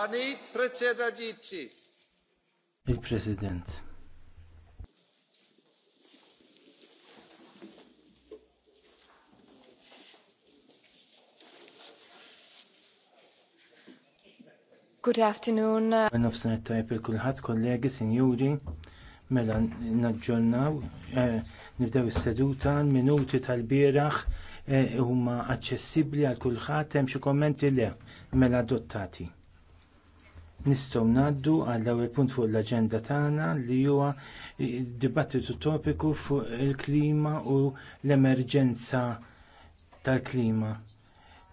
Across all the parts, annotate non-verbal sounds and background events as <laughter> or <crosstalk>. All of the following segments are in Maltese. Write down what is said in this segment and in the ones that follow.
Pani Predsedajici. Il-President. Good afternoon. Nofsan it-tajb il-kulħat, kollegi, sinjuri, mela naġġornaw, eh, nibdew is-seduta, minuti tal-bieraħ eh, huma aċċessibbli għal kulħadd hemm xi kommenti le mela adottati nistgħu ngħaddu għall ewwel punt fuq l-aġenda tagħna li huwa dibattitu topiku fuq il-klima u l-emerġenza tal-klima.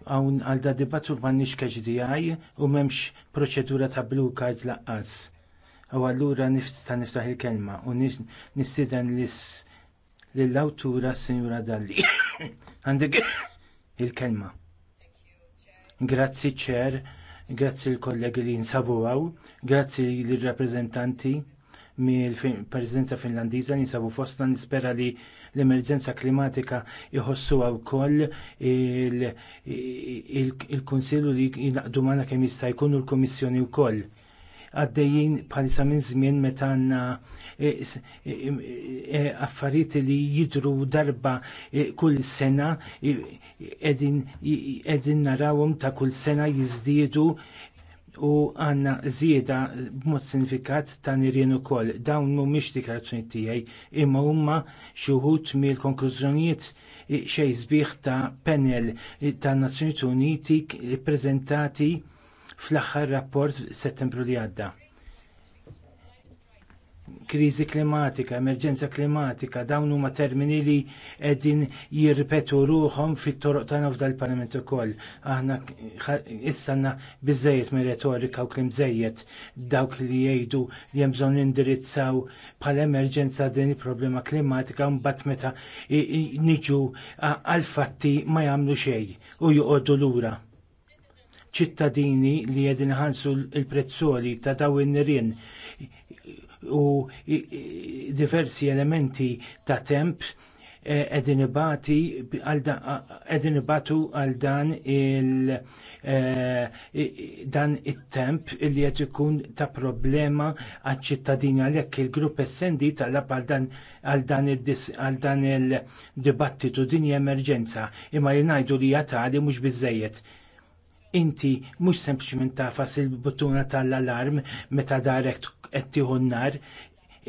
Hawn għal da dibattu m'għandniex KHDI u m'hemmx proċedura ta' blue cards laqqas. Aw allura nista' niftaħ il-kelma u nistieden lill-awtura Sinjura Dalli. <coughs> Għandek <coughs> il-kelma. Grazzi ċer Grazzi l-kollegi li jinsabu grazzi l-rappresentanti mill-Presidenza Finlandiża li jinsabu fostna nispera li l-emerġenza klimatika jħossuha wkoll il-Konsillu li jinaqdu magħna kemm jista' jkun u l-Kummissjoni wkoll għaddejjin bħalissa minn żmien meta għandna eh, eh, eh, affarijiet li jidhru darba kull sena qegħdin narawhom ta' kull sena jiżdiedu u għandna żieda b'mod sinifikat ta' nirien ukoll. Dawn mhumiex dikarazzjoni tiegħi, imma huma xi wħud mill-konklużjonijiet xejn sbieħ ta' panel tan Nazzjonijiet Uniti ppreżentati fl-aħħar rapport settembru li għadda. Kriżi klimatika, emerġenza klimatika, dawn huma termini li qegħdin jirripetu ruhom fit-toroq tagħna f'dal parlament ukoll. Aħna issa għandna biżejjed minn retorika u kliem żejjed dawk li jgħidu li hemm bżonn indirizzaw bħala emerġenza din il-problema klimatika mbagħad meta niġu għal fatti ma jagħmlu xejn u joqogħdu lura ċittadini li qegħdin ħansu l-prezzoli ta' daw in-nirien u diversi elementi ta' temp eh, qegħdin ibatu għal dan il eh, dan it-temp li qed ikun ta' problema għal ċittadini għalhekk il-grupp essendi talab għal dan il-dibattitu din emerġenza imma li ngħidu li hija tali mhux biżżejjed inti mhux sempliċement tafas il-buttuna tal-alarm meta darek qed tieħu n-nar,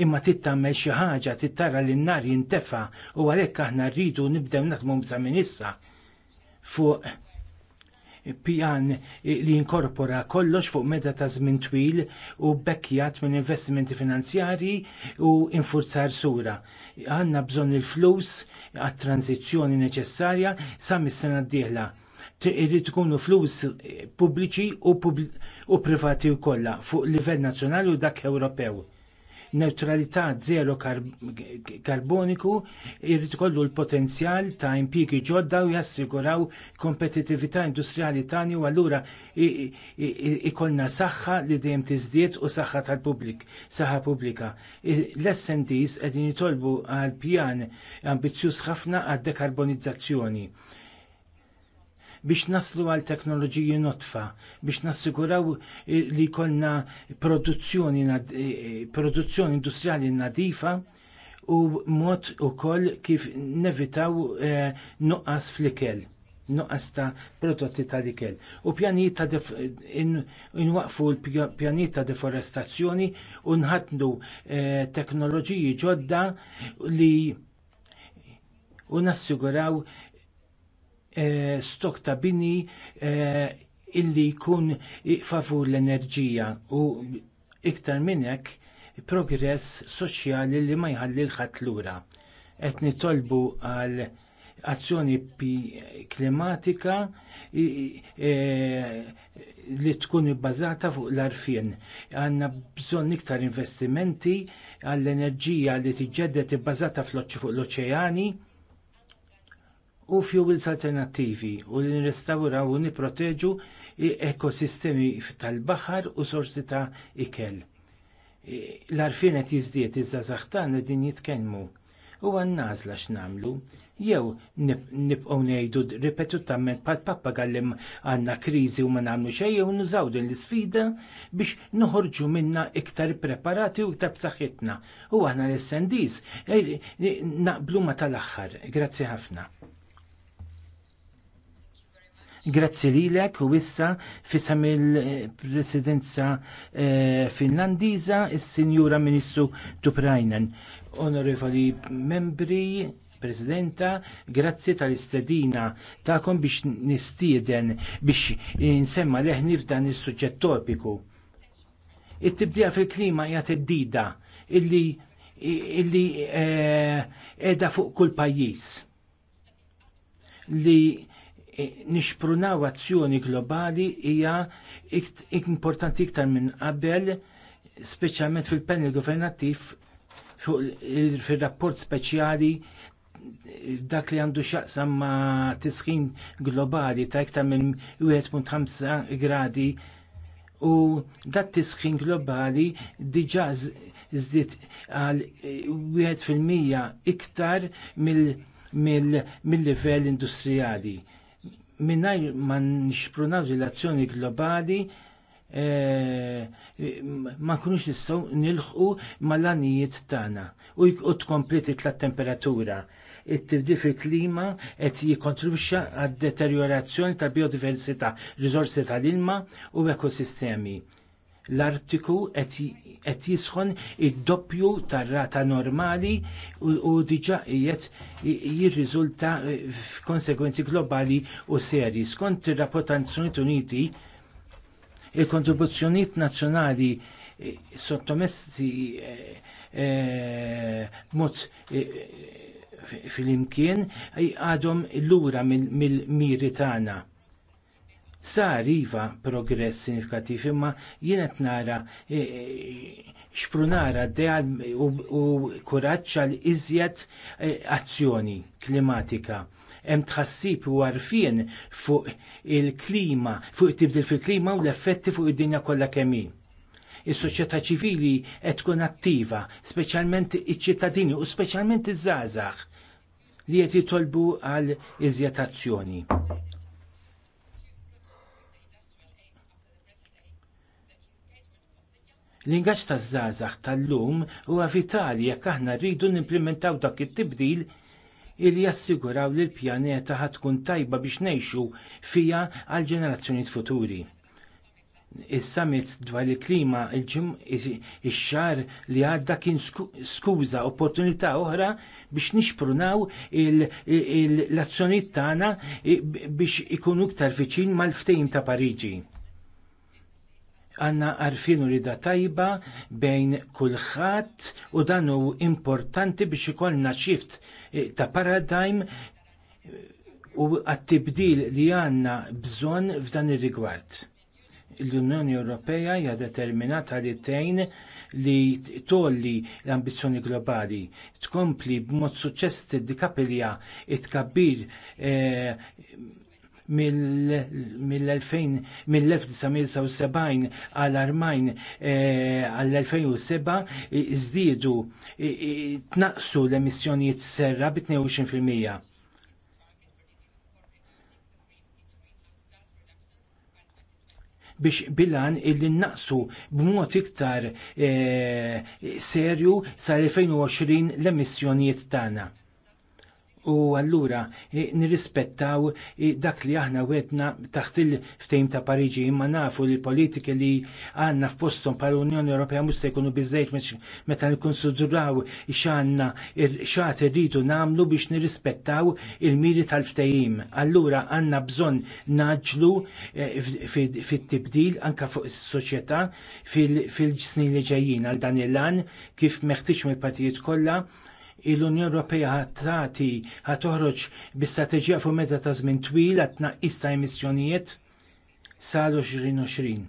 imma trid tagħmel xi ħaġa trid tara li n-nar jintefa' u għalhekk aħna rridu nibdew naħdmu bsa minn issa fuq pjan li jinkorpora kollox fuq meta ta' żmien twil u bekkjat minn investimenti finanzjarji u infurzar sura. Għandna bżonn il-flus għat-tranzizzjoni neċessarja sa mis-sena d-dieħla irid tkunu flus eh, pubbliċi u privati wkollha fuq livell nazzjonali u dak Ewropew. Neutralità żero karboniku jrid ikollu l-potenzjal ta' impjiegi ġodda u jassiguraw kompetitività industrijali tani u allura ikollna saħħa li dejjem tiżdied u saħħa tal-pubblik, saħħa pubblika. L-SNDs qegħdin jitolbu għal pjan ambizzjuż ħafna għad dekarbonizzazzjoni biex naslu għal teknoloġiji notfa, biex nassiguraw li jkollna produzzjoni, eh, eh, produzzjoni industrijali nadifa u mod ukoll kif nevitaw eh, nuqqas fl-ikel nuqqas ta' prodotti tal-ikel. U pjanijiet ta' inwaqfu l-pjanijiet ta' deforestazzjoni u eh, teknoloġiji ġodda li u nassiguraw E, stok ta' bini e, illi jkun favur l-enerġija u iktar minn hekk progress soċjali li ma jħalli l-ħadd lura. Qed nitolbu għal azzjoni klimatika e, li tkun ibbażata fuq l-arfien. Għandna bżonn iktar investimenti għall-enerġija li tiġġedded ibbażata fuq l-oċeani u fuels alternattivi u li nirrestawraw u nipproteġu ekosistemi tal-baħar u sorsi ta' ikel. L-arfien qed jiżdied iżda saħtan din jitkellmu. U għan-nażla x'namlu, jew nibqgħu ngħidu ripetutament bħal pappagalli għandna kriżi u ma nagħmlu xejn jew nużaw din l-isfida biex noħorġu minna iktar preparati u iktar b'saħħitna. U aħna l-SNDs naqblu ma tal-aħħar. Grazzi ħafna. Grazzi lilek u issa fisam il-presidenza eh, finlandiza il-Sinjura Ministru Tuprajnen. Onorevoli membri, Presidenta, grazzi tal-istedina ta'kom biex nistieden biex insemma leħni f'dan is-suġġett topiku. It-tibdija fil-klima hija teddida illi illi qiegħda eh, fuq kull pajjiż li nixprunaw azzjoni globali hija importanti iktar minn qabel, speċjalment fil-panel governattiv fil-rapport speċjali dak li għandu xaqsam ma tisħin globali ta' iktar minn 1.5 gradi u dat tisħin globali diġa zdit għal 1% iktar mill-livell mil industrijali minnaj ma nixprunaw l-azzjoni globali e, ma kunux nistgħu nilħqu mal-anijiet tagħna u kompleti tla temperatura. It-tibdil fil-klima qed jikkontribwixxa għad-deterjorazzjoni tal-biodiversità, riżorsi tal-ilma u ekosistemi l-artiku qed jisħon id-doppju tar-rata normali u diġà qiegħed jirriżulta eh, f'konsegwenzi globali u serji. Skont ir-rapport tan-Nazzjonijiet Uniti, il-kontribuzzjonijiet nazzjonali eh, sottomessi eh, mod fil-imkien għadhom lura mill-miri tagħna. Sar iva progress sinifikattiv imma jien qed nara e, e, xprunara d u kuraġġ għal iżjed e, azzjoni klimatika hemm tħassib u għarfien fuq il-klima, fuq it-tibdil fil-klima u l-effetti fuq id-dinja kollha kemm hi. Is-soċjetà ċivili qed tkun attiva, speċjalment iċ-ċittadini u speċjalment iż-żgħażagħ li qed jitolbu għal iżjed azzjoni. L-ingaġġ taż-żgħażagħ tal-lum huwa vitali jekk aħna rridu nimplementaw dak it-tibdil illi jassiguraw li l-pjaneta ħad tkun tajba biex ngħixu fiha għal ġenerazzjonijiet futuri. Is-summit dwar il-klima ix-xar li għadda kien skuża opportunità oħra biex nixprunaw l-azzjonijiet tagħna biex ikunu iktar viċin mal-ftehim ta' Pariġi għanna għarfin rida tajba bejn kulħadd u dan u importanti biex ikollna xift eh, ta' paradigm eh, u għat-tibdil li għandna bżonn f'dan ir-rigward. L-Unjoni Ewropea hija determinata li tgħin li tolli l-ambizzjoni globali, tkompli b'mod suċċess tiddikapilja it-kabbir eh, mill-2000 mill-1979 għal armajn eh, għall-2007 żdiedu tnaqsu l-emissjonijiet serra bi 22%. biex bilan illi naqsu b'mod iktar eh, serju sa' 2020 l-emissjonijiet tagħna. U allura nirrispettaw dak li aħna wedna taħt il-ftejm ta' Pariġi imma nafu li politiki li għandna f'postom bħal Unjoni Ewropea mhux se jkunu biżejt meta nikkonsidraw x'għandna x'għad irridu nagħmlu biex nirrispettaw il-miri tal-ftehim. Allura għandna bżonn naġlu e, fit-tibdil anke fuq is-soċjetà fil-ġsnin li ġejjin għal dan il-lan kif meħtieġ mill-partijiet kollha l-Unjoni Ewropea ħa toħroġ bi strateġija fuq meta ta' żmien twil għat tnaqqis ta' emissjonijiet sal-2020.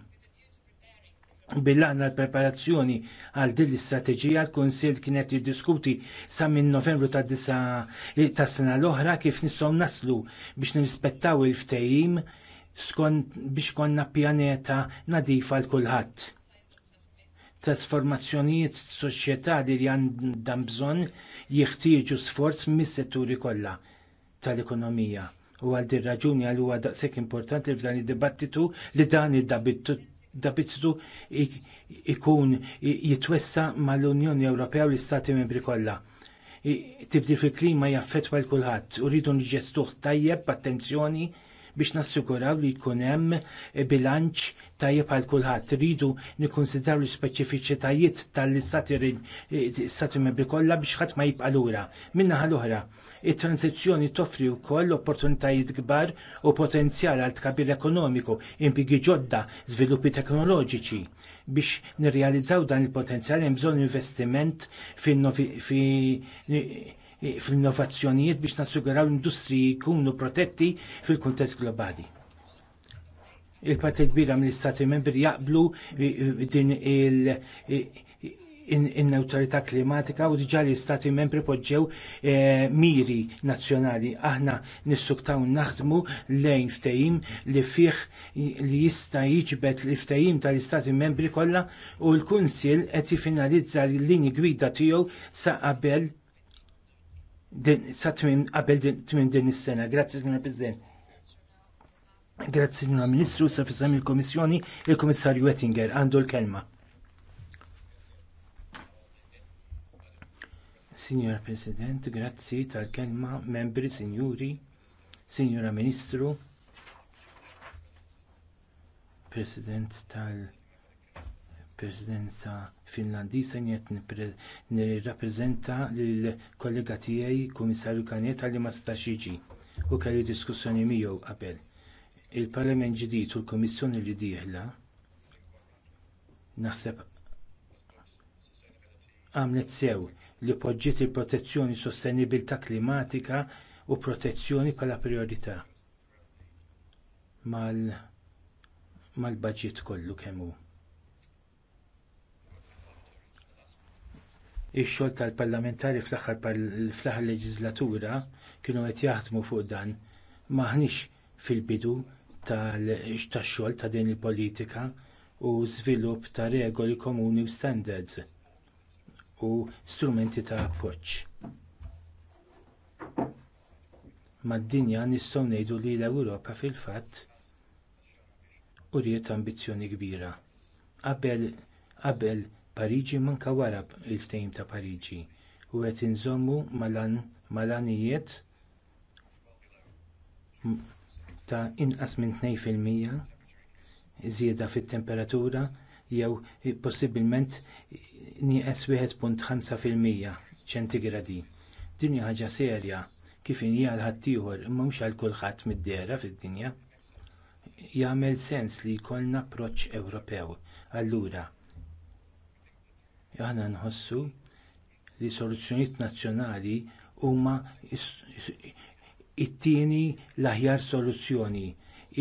bil laqna l-preparazzjoni għal din l-istrateġija l kunsill kienet jiddiskuti sa minn Novembru ta' disa ta' sena l-oħra kif nistgħu naslu biex nirrispettaw il-ftehim skont biex konna pjaneta nadifa l kulħadd trasformazzjonijiet soċjetali li għandhom bżonn jeħtieġu sforz mis-setturi kollha tal-ekonomija. U għal din raġuni għal huwa daqshekk importanti f'dan id-dibattitu li dan id-dibattitu ikun jitwessa mal-Unjoni Ewropea u l-Istati Membri kollha. Tibdil fil-klima jaffettwa l kulħadd u rridu nġestuh tajjeb b'attenzjoni biex nassiguraw li jkun hemm bilanċ tajjeb għal kulħadd. Ridu nikkunsidraw l ispeċifiċitajiet tal-istati eh, membri kollha biex ħadd ma jibqa' lura. Min-naħa l-oħra, it-tranzizzjoni toffri wkoll opportunitajiet kbar u potenzjal għal tkabbir ekonomiku, impjiegi ġodda, żviluppi teknoloġiċi. Biex nirrealizzaw dan il-potenzjal hemm bżonn investiment fil-innovazzjonijiet eh, biex nassiguraw l-industriji jkunu protetti fil-kuntest globali il-parti kbira mill-istati membri jaqblu din il-neutralità klimatika u diġà li Stati membri poġġew eh, miri nazzjonali. Aħna nissuktaw naħdmu lejn ftehim li fih li jista' jiġbed l-ftehim tal-istati membri kollha u l-Kunsil qed jifinalizza l-linji gwida tiegħu sa qabel sa qabel din is-sena. Grazzi, Sra. President. Grazzi signora Ministru, sa fissam il-Komissjoni, il-Komissarju Ettinger għandu l-kelma. Signor President, grazzi tal-kelma, membri, signori, signora Ministru, President tal- Presidenza Finlandisa jett nirrappreżenta lill-kollega tiegħi Kummissarju Kaneta li ma stax jiġi u kelli diskussjoni miegħu qabel il-Parlament ġdid u l-Kummissjoni li dieħla naħseb għamlet sew li poġġiet il-protezzjoni sostenibilità klimatika u protezzjoni bħala prijorità mal-baġit kollu kemm hu. Ix-xogħol tal-parlamentari fl-aħħar leġislatura kienu qed jaħdmu fuq dan m'aħniex fil-bidu tax-xogħol ta' din il-politika u żvilupp ta' regoli komuni u standards u strumenti ta' appoġġ. Mad-dinja nistgħu ngħidu li l-Ewropa fil-fatt uriet ambizzjoni kbira. Qabel qabel Pariġi manka wara il-ftehim ta' Pariġi u qed inżommu malanijiet ta' inqas minn 2% żieda fit-temperatura jew possibilment nieqes 1.5% ċentigradi. Din hi ħaġa serja kif hija għal ħaddieħor mhux għal kulħadd mid-dehra fid-dinja. Jagħmel sens li jkollna approċċ Ewropew. Allura, aħna nħossu li soluzzjonijiet nazzjonali huma it-tieni l-aħjar soluzzjoni.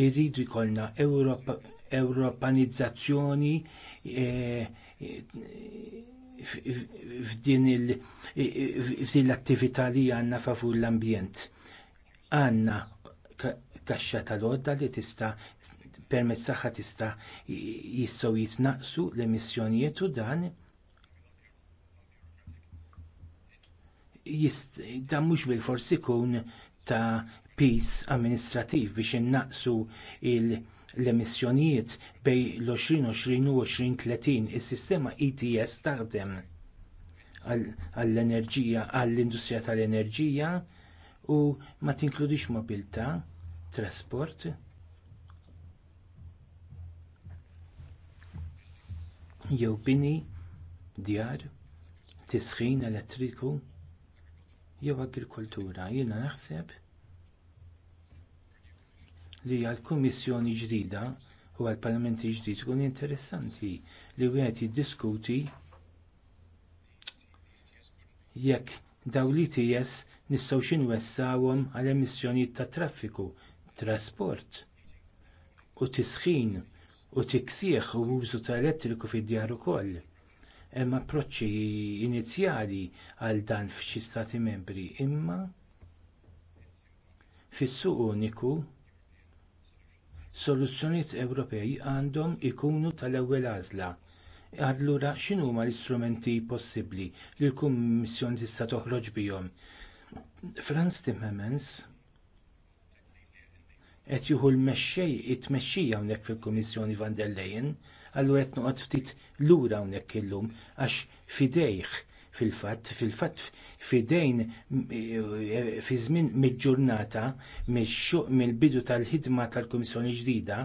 Irridu jkollna Ewropanizzazzjoni eh, f'din l-attività li għandna favur l-ambjent. Għandna kaxxa tal-odda li tista' permezz tagħha tista' jistgħu jitnaqsu l-emissjonijiet u dan dan mhux bil-forsi ikun ta' pis amministrattiv biex innaqsu l-emissjonijiet bejn l-2020 u 2030 is-sistema ETS taħdem għall-enerġija għall-industrija tal-enerġija u ma tinkludix mobilità, trasport. jew bini, djar, tisħin elettriku, jew agrikoltura. Jiena naħseb li għall-Kummissjoni ġdida u għall-Parlamenti ġdid tkun interessanti li wieħed jiddiskuti jekk dawn l-ITS nistgħu x'inwessawhom għal emissjonijiet tat traffiku, trasport u tisħin u tiksieħ u użu ta' elettriku fid-djar ukoll hemm approċċi inizjali għal dan f'xi stati membri, imma fis-suq uniku soluzzjonijiet Ewropej għandhom ikunu tal-ewwel għażla. Allura x'inhuma l-istrumenti possibbli li l-Kummissjoni tista' toħroġ bihom? Franz Timmermans qed jieħu l-mexxej it-tmexxija hawnhekk fil-Kummissjoni van der Leyen allura qed noqgħod ftit lura hawnhekk illum għax fidejh fil-fatt fil-fatt fidejn eh, fi żmien mid-ġurnata mill-bidu tal-ħidma tal-Kummissjoni ġdida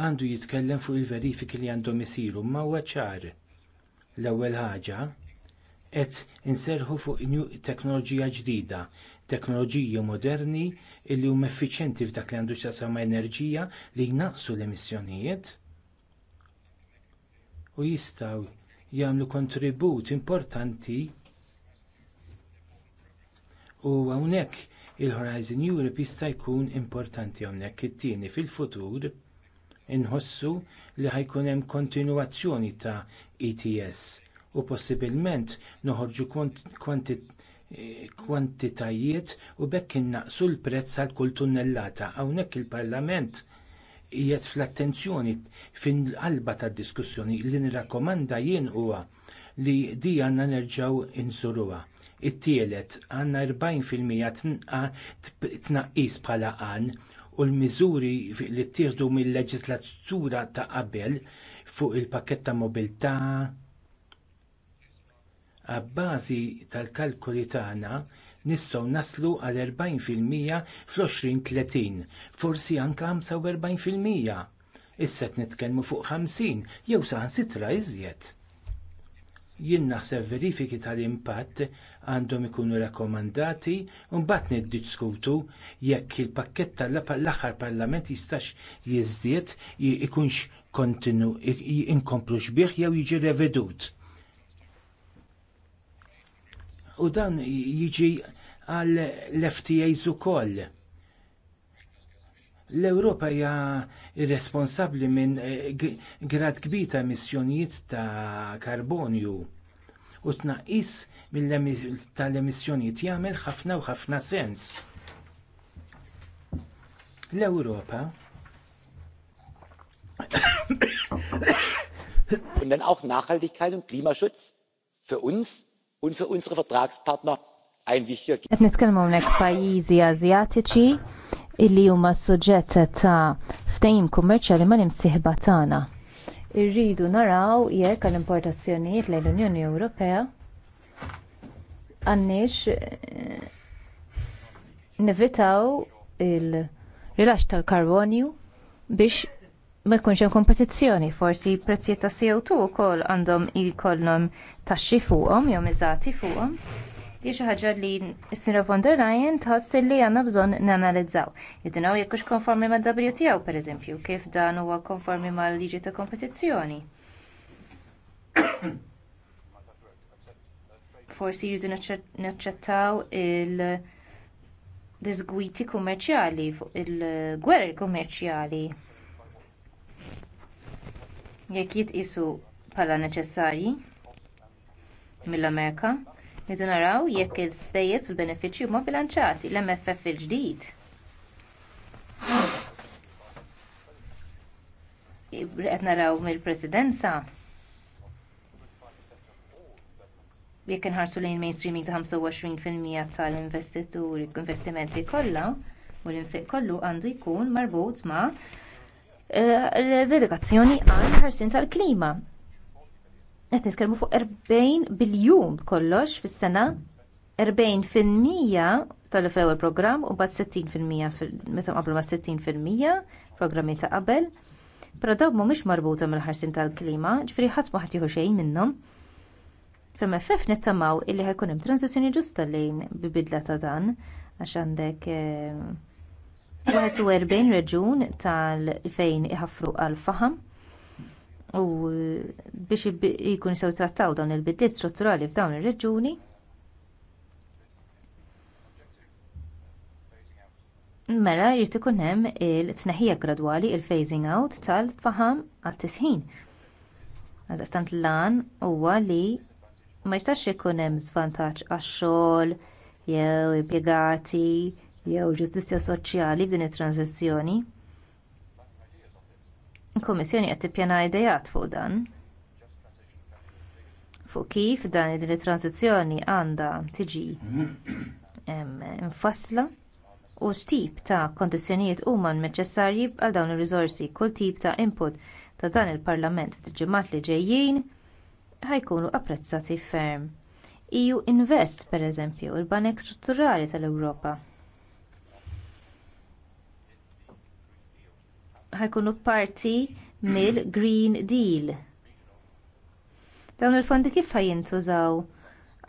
għandu jitkellem fuq il-verifiki li għandhom isiru ma huwa ċar. L-ewwel ħaġa qed inserħu fuq new teknoloġija ġdida teknoloġiji moderni illi huma effiċjenti f'dak li għandu x'taqsam enerġija li jnaqsu l-emissjonijiet u jistgħu jagħmlu kontribut importanti u hawnhekk il-Horizon Europe jista' jkun importanti hawnhekk it-tieni fil-futur inħossu li ħajkun hemm kontinwazzjoni ta' ETS u possibilment noħorġu kwant kwantitajiet u bekk innaqsu l-prezz għal kull tunnellata. Hawnhekk il-Parlament qiegħed fl-attenzjoni fin-qalba tad-diskussjoni li nirrakkomanda jien huwa li di għandna nerġgħu inżuruha. It-tielet għandna 40% tnaqqis bħala għan u l-miżuri li ttieħdu mill-leġislatura ta' qabel fuq il-pakket ta' mobilità, Abbażi tal-kalkoli tagħna nistgħu naslu għal 40% fl-2030, forsi anke 45%. Issa qed nitkellmu fuq 50 jew saħansitra iżjed jien naħseb verifiki tal-impatt għandhom ikunu rakkomandati u mbagħad niddiskutu jekk il-pakkett tal-aħħar parlament jistax jiżdied ikunx kontinu inkomplux bih jew jiġi revedut u dan jiġi għal l-FTAs ukoll. L-Ewropa hija responsabbli minn eh, grad kbir ta' emissjonijiet ta' karbonju u tnaqqis tal-emissjonijiet jagħmel ħafna u ħafna sens. L-Ewropa und <coughs> dann auch Nachhaltigkeit und Klimaschutz für uns und für unsere Vertragspartner ein wichtiger. Qed nitkellmu hawnhekk pajjiżi Asjatiċi illi huma suġġett ta' ftehim kummerċjali ma imsieħba tagħna. Irridu naraw jekk għall-importazzjonijiet lejn l-Unjoni Ewropea għandniex eh, nevitaw il-rilax tal-karbonju biex ma jkunx hemm kompetizzjoni, forsi prezzijiet ta' CO2 wkoll għandhom ikollhom taxxi fuqhom jew miżati fuqhom. Di xi ħaġa li s-Sinra von der Leyen tħass li għandna bżonn nanalizzaw. Jidinaw jekk hux konformi ma' WTO pereżempju, kif dan huwa konformi mal liġi ta' kompetizzjoni. <coughs> Forsi jridu naċċettaw il- disgwiti kummerċjali il gwerri kummerċjali jekk jitqisu bħala neċessarji mill-amerika irridu naraw jekk il-spejjeż u l-benefiċċji huma bbilanċjati l-mff il-ġdid qed naraw mill-presidenza jekk inħarsu lejn mainstreaming ta' 25% tal-investituri investimenti kollha u l-infiq kollu għandu jkun marbut ma' l-dedikazzjoni għal ħarsien tal-klima. Qed nitkellmu fuq 40 biljun kollox fis-sena, 40 fil-mija tal-ewwel programm u bad 60 fil-mija meta qablu ma' 60 fil-mija programmi ta' qabel. Però dawk mhumiex marbuta mill-ħarsien tal-klima, ġifieri ħadd ma ħadd jieħu xejn minnhom. Fil-MFF nittamaw illi ħajkun hemm transizzjoni ġusta lejn bibidla ta' dan għax għandek eh, 41 reġun tal fejn iħaffru għal faħam u biex jkun sew trattaw dawn il-bidliet strutturali f'dawn ir-reġuni Mela jrid ikun hemm il-tneħħija gradwali il-phasing out tal-faħam għat-tisħin. Għaldaqstant l-lan huwa li ma jistax ikun hemm żvantaġġ għax-xogħol jew impjegati jew ġustizzja soċjali f'din it-transizzjoni. Il-Kummissjoni qed tippjana idejat fuq dan fuq kif dan din it-transizzjoni għandha tiġi infassla u x'tip ta' kondizzjonijiet huma neċessarji għal dawn ir-riżorsi kull tip ta' input ta' dan il-parlament fit ġimgħat li ġejjin ħajkunu apprezzati ferm. EU Invest pereżempju il-banek strutturali tal-Ewropa. ħajkunu parti mill-Green Deal. Dawn il-fondi kif ħajintużaw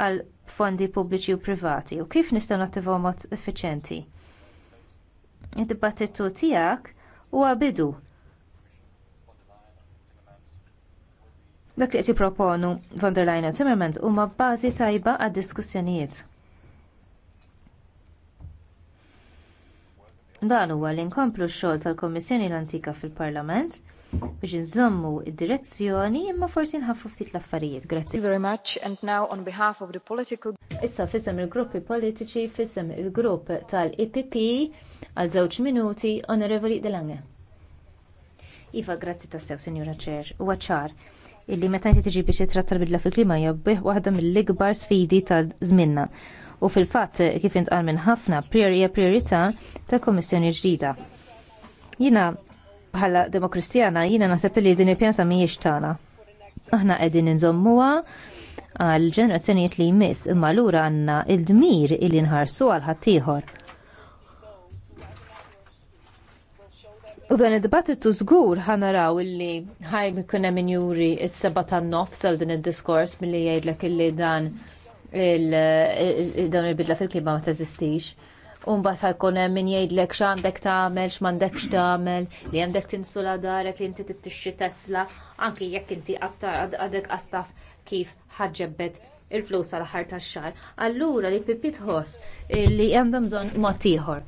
għal fondi pubbliċi u privati u kif nistgħu nattivaw mod effiċjenti. Id-dibattitu tiegħek huwa bidu. Dak li qed jipproponu von der Leyen u Timmermans huma bażi tajba għad-diskussjonijiet. Dan huwa li nkomplu x-xogħol tal-Kommissjoni l-Antika fil-Parlament biex nżommu id-direzzjoni imma forsi nħaffu ftit l-affarijiet. Grazzi. very much and now on behalf of the political Issa fissem il-gruppi politiċi fissem il-grupp tal-IPP għal żewġ minuti Onorevoli Delange. Iva, grazzi tassew, Sinjura Ċer. U ċar illi meta inti tiġi biex jitrattar bidla fil-klima hija waħda mill-ikbar sfidi ta' żminna u fil-fatt kif intqal minn ħafna priorija priorità ta' komissjoni ġdida. Jina bħala demokristjana jina nasab li din il-pjanta mhijiex tagħna. Aħna qegħdin inżommuha għal ġenerazzjonijiet li jmiss imma lura għandna il-dmir illi nħarsu għal ħaddieħor. U dan id-dibattitu żgur ħanaraw illi ħaj ikun hemm juri s-seba' tan-nofs għal din id-diskors milli jgħidlek illi dan il-dawn il-bidla fil-klima ma teżistix. Umbat ħajkun hemm min jgħidlek x'għandek tagħmel, x'm'għandekx tagħmel, li għandek tinsula darek li inti tittixxi Tesla, anki jekk inti għadek qastaf kif ħaġġebbet il-flus għal ħar tax-xar. Allura li Pippi tħoss li għandhom bżonn mod ieħor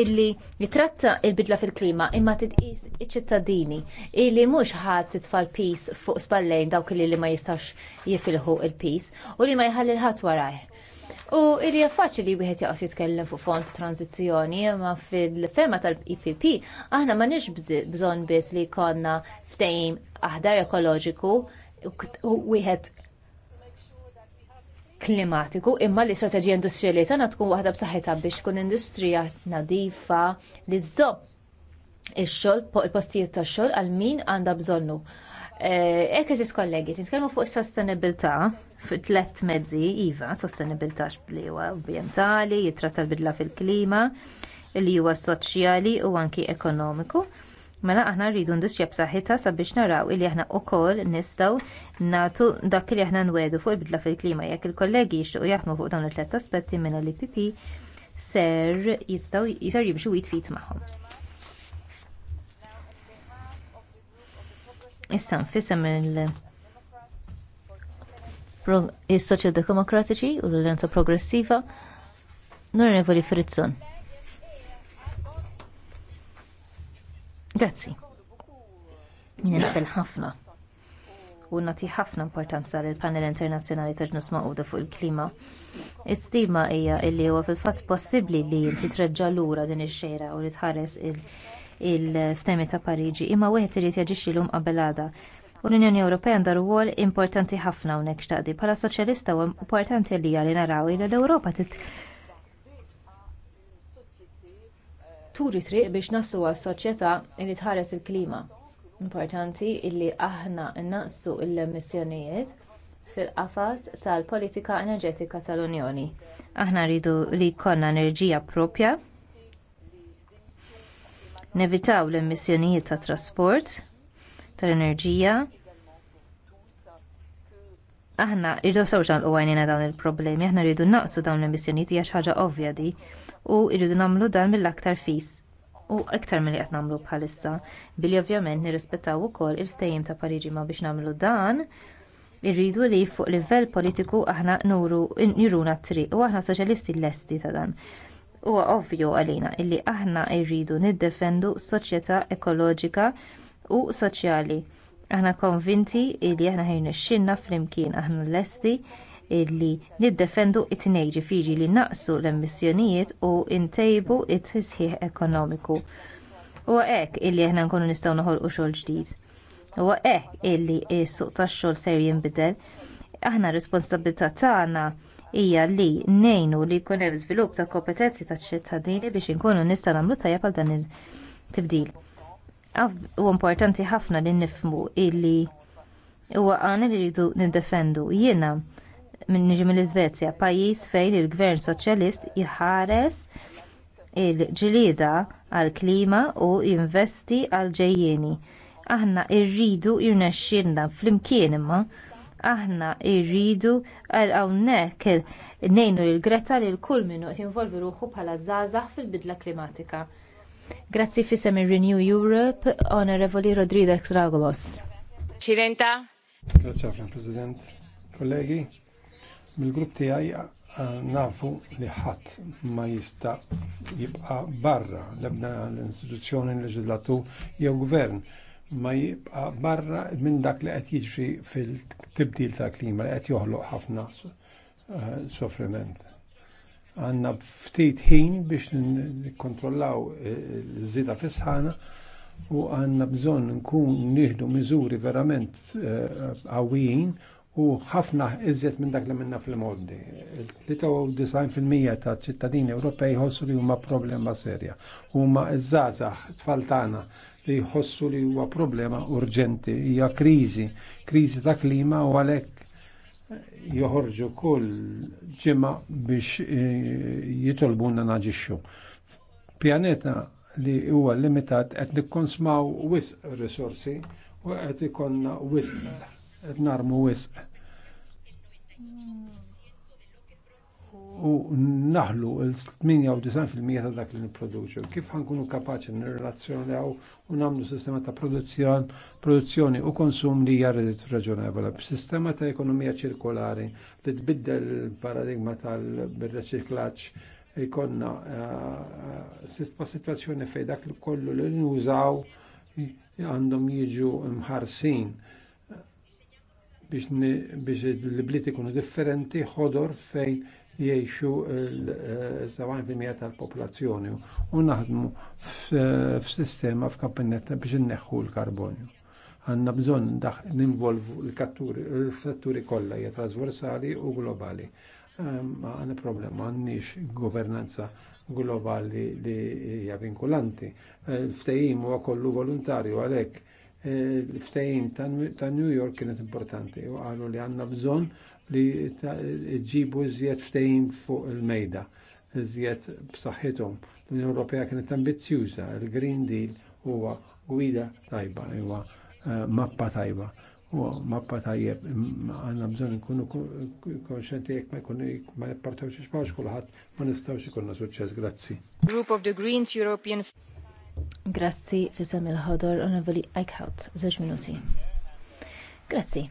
illi jitratta il-bidla fil-klima imma titqis iċ-ċittadini illi mhux ħadd titfal peace fuq spallejn dawk li ma jistax jifilħu il peace u li ma jħalli ħadd warajh. U illi faċli li wieħed jaqas jitkellem fuq fond tranzizzjoni, imma fil-ferma tal-IPP aħna ma nix bżonn biss li jkollna ftehim aħdar ekoloġiku u wieħed klimatiku imma l-istrateġija industrijali tagħna tkun waħda b'saħħitha biex tkun industrija nadifa li żomm ix-xogħol il-postijiet tax-xogħol għal min għandha bżonnu. Eh, hekk eżis kollegi, titkellmu fuq is-sostenibilità fit tliet mezzi iva, sostenibilità li huwa ambjentali, jitratta l-bidla fil-klima, li huwa soċjali u anki ekonomiku. Mela aħna rridu industrija b'saħħitha sabiex naraw illi aħna wkoll nistgħu nagħtu dak li aħna nwedu fuq il-bidla fil-klima jekk il-kollegi jixtiequ jaħdmu fuq dawn it-tliet aspetti minn l-IPP ser jistgħu jisar jimxu jitfit magħhom. Issa nfisem il- is soċjaldemokratiċi u l-Alleanza Progressiva, Norevoli Frizzon. Grazzi. Nifel ħafna. U nati ħafna importanza l panel internazzjonali ta' ġnus maquda fuq il-klima. Istima hija illi huwa fil-fatt possibbli li inti treġġa' lura din ix-xejra u li tħares il-ftemi ta' Pariġi imma wieħed irid jaġixxi lum qabel għada. U l-Unjoni Ewropea għandha rwol importanti ħafna hawnhekk xtaqdi. Bħala soċjalista huwa importanti li li naraw li l-Ewropa turi triq biex naslu għas-soċjetà li tħares il-klima importanti illi aħna naqsu l-emissjonijiet fil-qafas tal-politika enerġetika tal-unjoni aħna rridu li jkollna enerġija proprja nevitaw l-emissjonijiet tat trasport tal-enerġija aħna rridu sewġ nagħlqu għajnina dawn il-problemi aħna rridu naqsu dawn l-emissjonijiet hija xi ħaġa ovvja di u rridu nagħmlu dan mill-aktar fis u iktar milli qed nagħmlu bħalissa billi ovvjament nirrispettaw ukoll il-ftehim ta' pariġi ma biex nagħmlu dan irridu li fuq livell politiku aħna nuru niruna t-triq u aħna soċjalisti lesti ta' dan huwa ovvju għalina li aħna rridu niddefendu soċjetà ekoloġika u soċjali aħna konvinti li aħna ħin nixxinna flimkien aħna lesti Illi niddefendu t-tnejn ġifieri li naqsu l-emissjonijiet u ntejbu t-tisħiħ ekonomiku. Huwa hekk illi aħna nkunu nistgħu noħolqu xogħol ġdid. Huwa hekk illi s-suq tax-xogħol ser jinbidel. Aħna r responsabilità tagħna hija li ngħinu li jkun hemm żvilupp ta' kompetenzi tax-ċittadini biex inkunu nistgħu nagħmlu tajjeb għal dan il-tibdil. Huwa importanti ħafna li nifhmu illi huwa għana li rridu niddefendu. Jiena minn niġi mill-Iżvezja, pajjiż fejn il-Gvern Soċjalist jħares il-ġlieda għall-klima u jinvesti għall-ġejjieni. Aħna rridu jirnexxilna flimkien imma aħna rridu għal hawnhekk ngħinu lil Greta lil kull minnu qed jinvolvi ruħu bħala żgħażagħ fil-bidla klimatika. Grazzi fisem ir-Renew Europe, Onorevoli Rodriguez Ragobos. Presidenta. Grazie, President. Kollegi, Mill-grupp tiegħi eh, nafu li ħadd ma jista' jibqa' barra l lebna l-istituzzjoni leġislatur jew gvern ma jibqa' barra minn dak li qed jiġri fil-tibdil tal-klima li qed joħloq ħafna eh, soffriment għanna ftit ħin biex nikkontrollaw iż-żida eh, fis-sħana u għanna bżonn nkun nieħdu miżuri verament qawwijin uh, u ħafna iżjed minn dak li minna fil-modi. 93% ta' ċittadini Ewropej jħossu li huma problema serja. Huma iż-żgħażagħ tfaltana li jħossu li huwa problema urġenti, hija kriżi, kriżi ta' klima u għalhekk joħorġu kull ġimma biex e, jitolbuna naġixxu. Pjaneta li huwa limitat qed nikkonsmaw wisq risorsi u qed ikonna wisq narmu wisq. U naħlu il-98% ta' dak li nipproduċu. Kif ħankunu kapaċi nirrelazzjonaw u namlu sistema ta' produzzjoni u konsum li jarredit raġonevole. Sistema ta' ekonomija ċirkolari li tbiddel il-paradigma tal-reċiklaċ ikonna eh, eh, situazzjoni fej dak li kollu li nużaw għandhom jiġu mħarsin biex l-bliet ikunu differenti, ħodor fejn jiexu l-70% tal-popolazzjoni u naħdmu f-sistema f-kampinetta biex neħu l-karbonju. Għanna bżon ninvolvu l fatturi kollha hija trasversali u globali. Ehm, għanna problema għannix governanza globali li hija vinkulanti. Ftehim huwa kollu volontarju għalek l-ftejim ta' New York kienet importanti u għallu li għanna bżon li ġibu zjed ftejim fuq il-mejda, iżjed b'saħħithom. L-Unjoni Ewropea kienet ambizzjuża, il-Green Deal huwa gwida tajba, huwa eh, mappa tajba. U mappa tajjeb, għanna bżon nkunu konxenti jek ma jkunu ma nippartawx kullħat ma nistawx ikunna suċċess, grazzi. Group of the Greens European Grazzi fisem il-ħodor onorevoli Eichhout, żewġ minuti. Grazzi.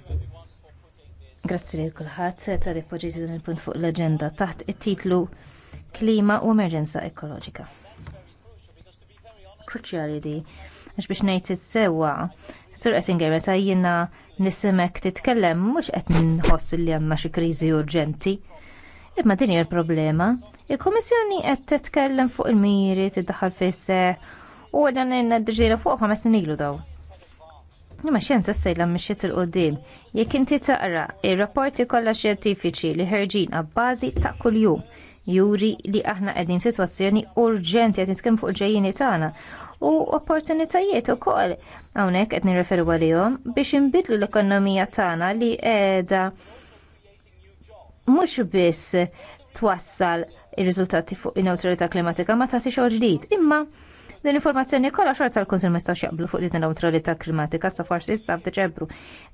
Grazzi lil kulħadd Se poġġiżi dan il-punt fuq l-aġenda taħt it-titlu Klima u Emerġenza Ekoloġika. Kruċjali di għax biex nejt is-sewwa Sur Essinger, meta jiena nisimek titkellem, mhux qed nħoss li għandna xi kriżi urġenti. Imma din hija l-problema. Il-Kummissjoni qed titkellem fuq il-miri daħal fisse, u għedan d ġira fuq ħames nilu daw. Imma xjenza s-sejla mxiet il-qoddim. Jek inti taqra il-rapporti kollha xjentifiċi li ħerġin għabbażi ta' kuljum juri li aħna qegħdin situazzjoni urġenti qed nitkellmu fuq ġejjini tagħna u opportunitajiet ukoll hawnhekk qed nirreferu għalihom biex inbidlu l-ekonomija tagħna li qiegħda mhux biss twassal ir-riżultati fuq in-newtralità klimatika ma xogħol ġdid, imma Din informazzjoni kollha xorta l-Kunsil ma jistax jaqblu fuq din neutralità klimatika sa forsi issa f'Diċembru.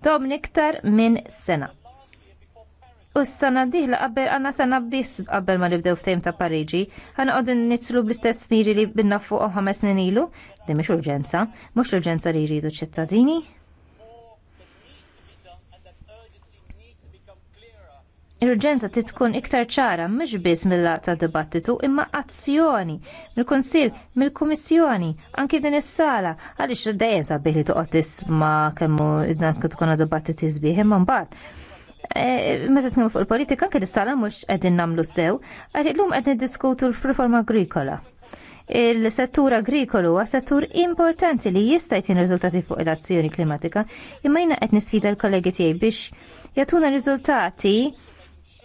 Tom iktar minn sena. U s-sena diħla qabel għanna sena biss qabel ma nibdew ftejm ta' Pariġi, għanna għodin nitzlu bl-istess miri li binna fuq ħames snin dimmi urġenza, mhux urġenza li jridu ċittadini, l-urġenza titkun iktar ċara mhux biss mill-laqgħa ta' dibattitu imma azzjoni mill-Kunsill, mill-Kummissjoni, anke din is-sala għaliex dejjem sabiħ li toqgħod tisma' kemm tkun dibattiti sbieħ imma mbagħad. E, meta tkun fuq il-politika anke is-sala mhux qegħdin nagħmlu sew, għalik illum qed niddiskutu l-riforma agrikola. Il-settur agrikolu huwa settur importanti li jista' jtien riżultati fuq l-azzjoni klimatika, imma jiena qed nisfida l-kollegi tiegħi biex jagħtuna riżultati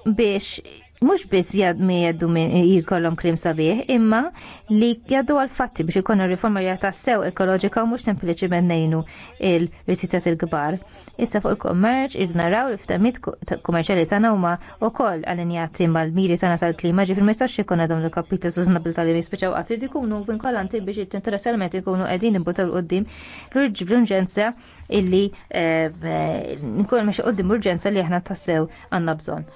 biex mhux biss jadmi jaddu jikollhom krim sabiħ, imma li jaddu għal-fatti biex ikonu riforma li ta' sew ekoloġika u mhux sempliċiment nejnu il-rizitat il-kbar. Issa fuq il-kommerċ, id naraw li ftamit kummerċali tagħna huma wkoll allinjati mal-miri tagħna tal-klima ġifir ma jistax ikun għadhom il-kapitlu sustainabilità li jispiċċaw qatt irid ikunu vinkolanti biex interessalment ikunu qegħdin imbutaw l-qudiem l unġenza illi eh, nkun mex qudiem urġenza li aħna tassew għandna bżonn.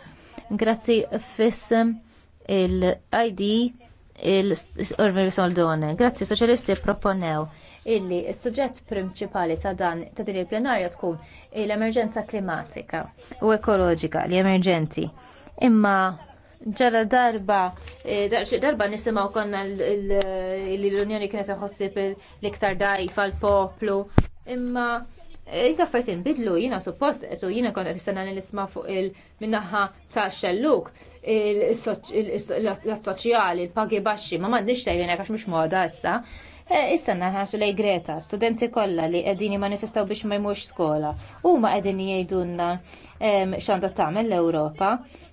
Grazzi fissem il-ID il-Orvin Soldone. Grazzi, soċjalisti proponew illi s-suġġett prinċipali ta' dan ta' din il-plenarja tkun l-emerġenza klimatika u ekoloġika li emerġenti. Imma ġara darba, e, darba nisimaw konna l-Unjoni kienet ħossib l-iktar dajfa l-poplu, imma Il-taffert bidlu jina suppost, so jina konna nil isma' fuq il-minnaħa ta' xelluk, l-soċjali, il-pagi baxxi, ma' mandiċ tajjena għax mux moda issa. Eh, issa naħarsu lej Greta, studenti kollha li qegħdin jimmanifestaw biex ma jmux skola. Huma qegħdin jgħidulna ehm, x'għandha tagħmel l-Ewropa.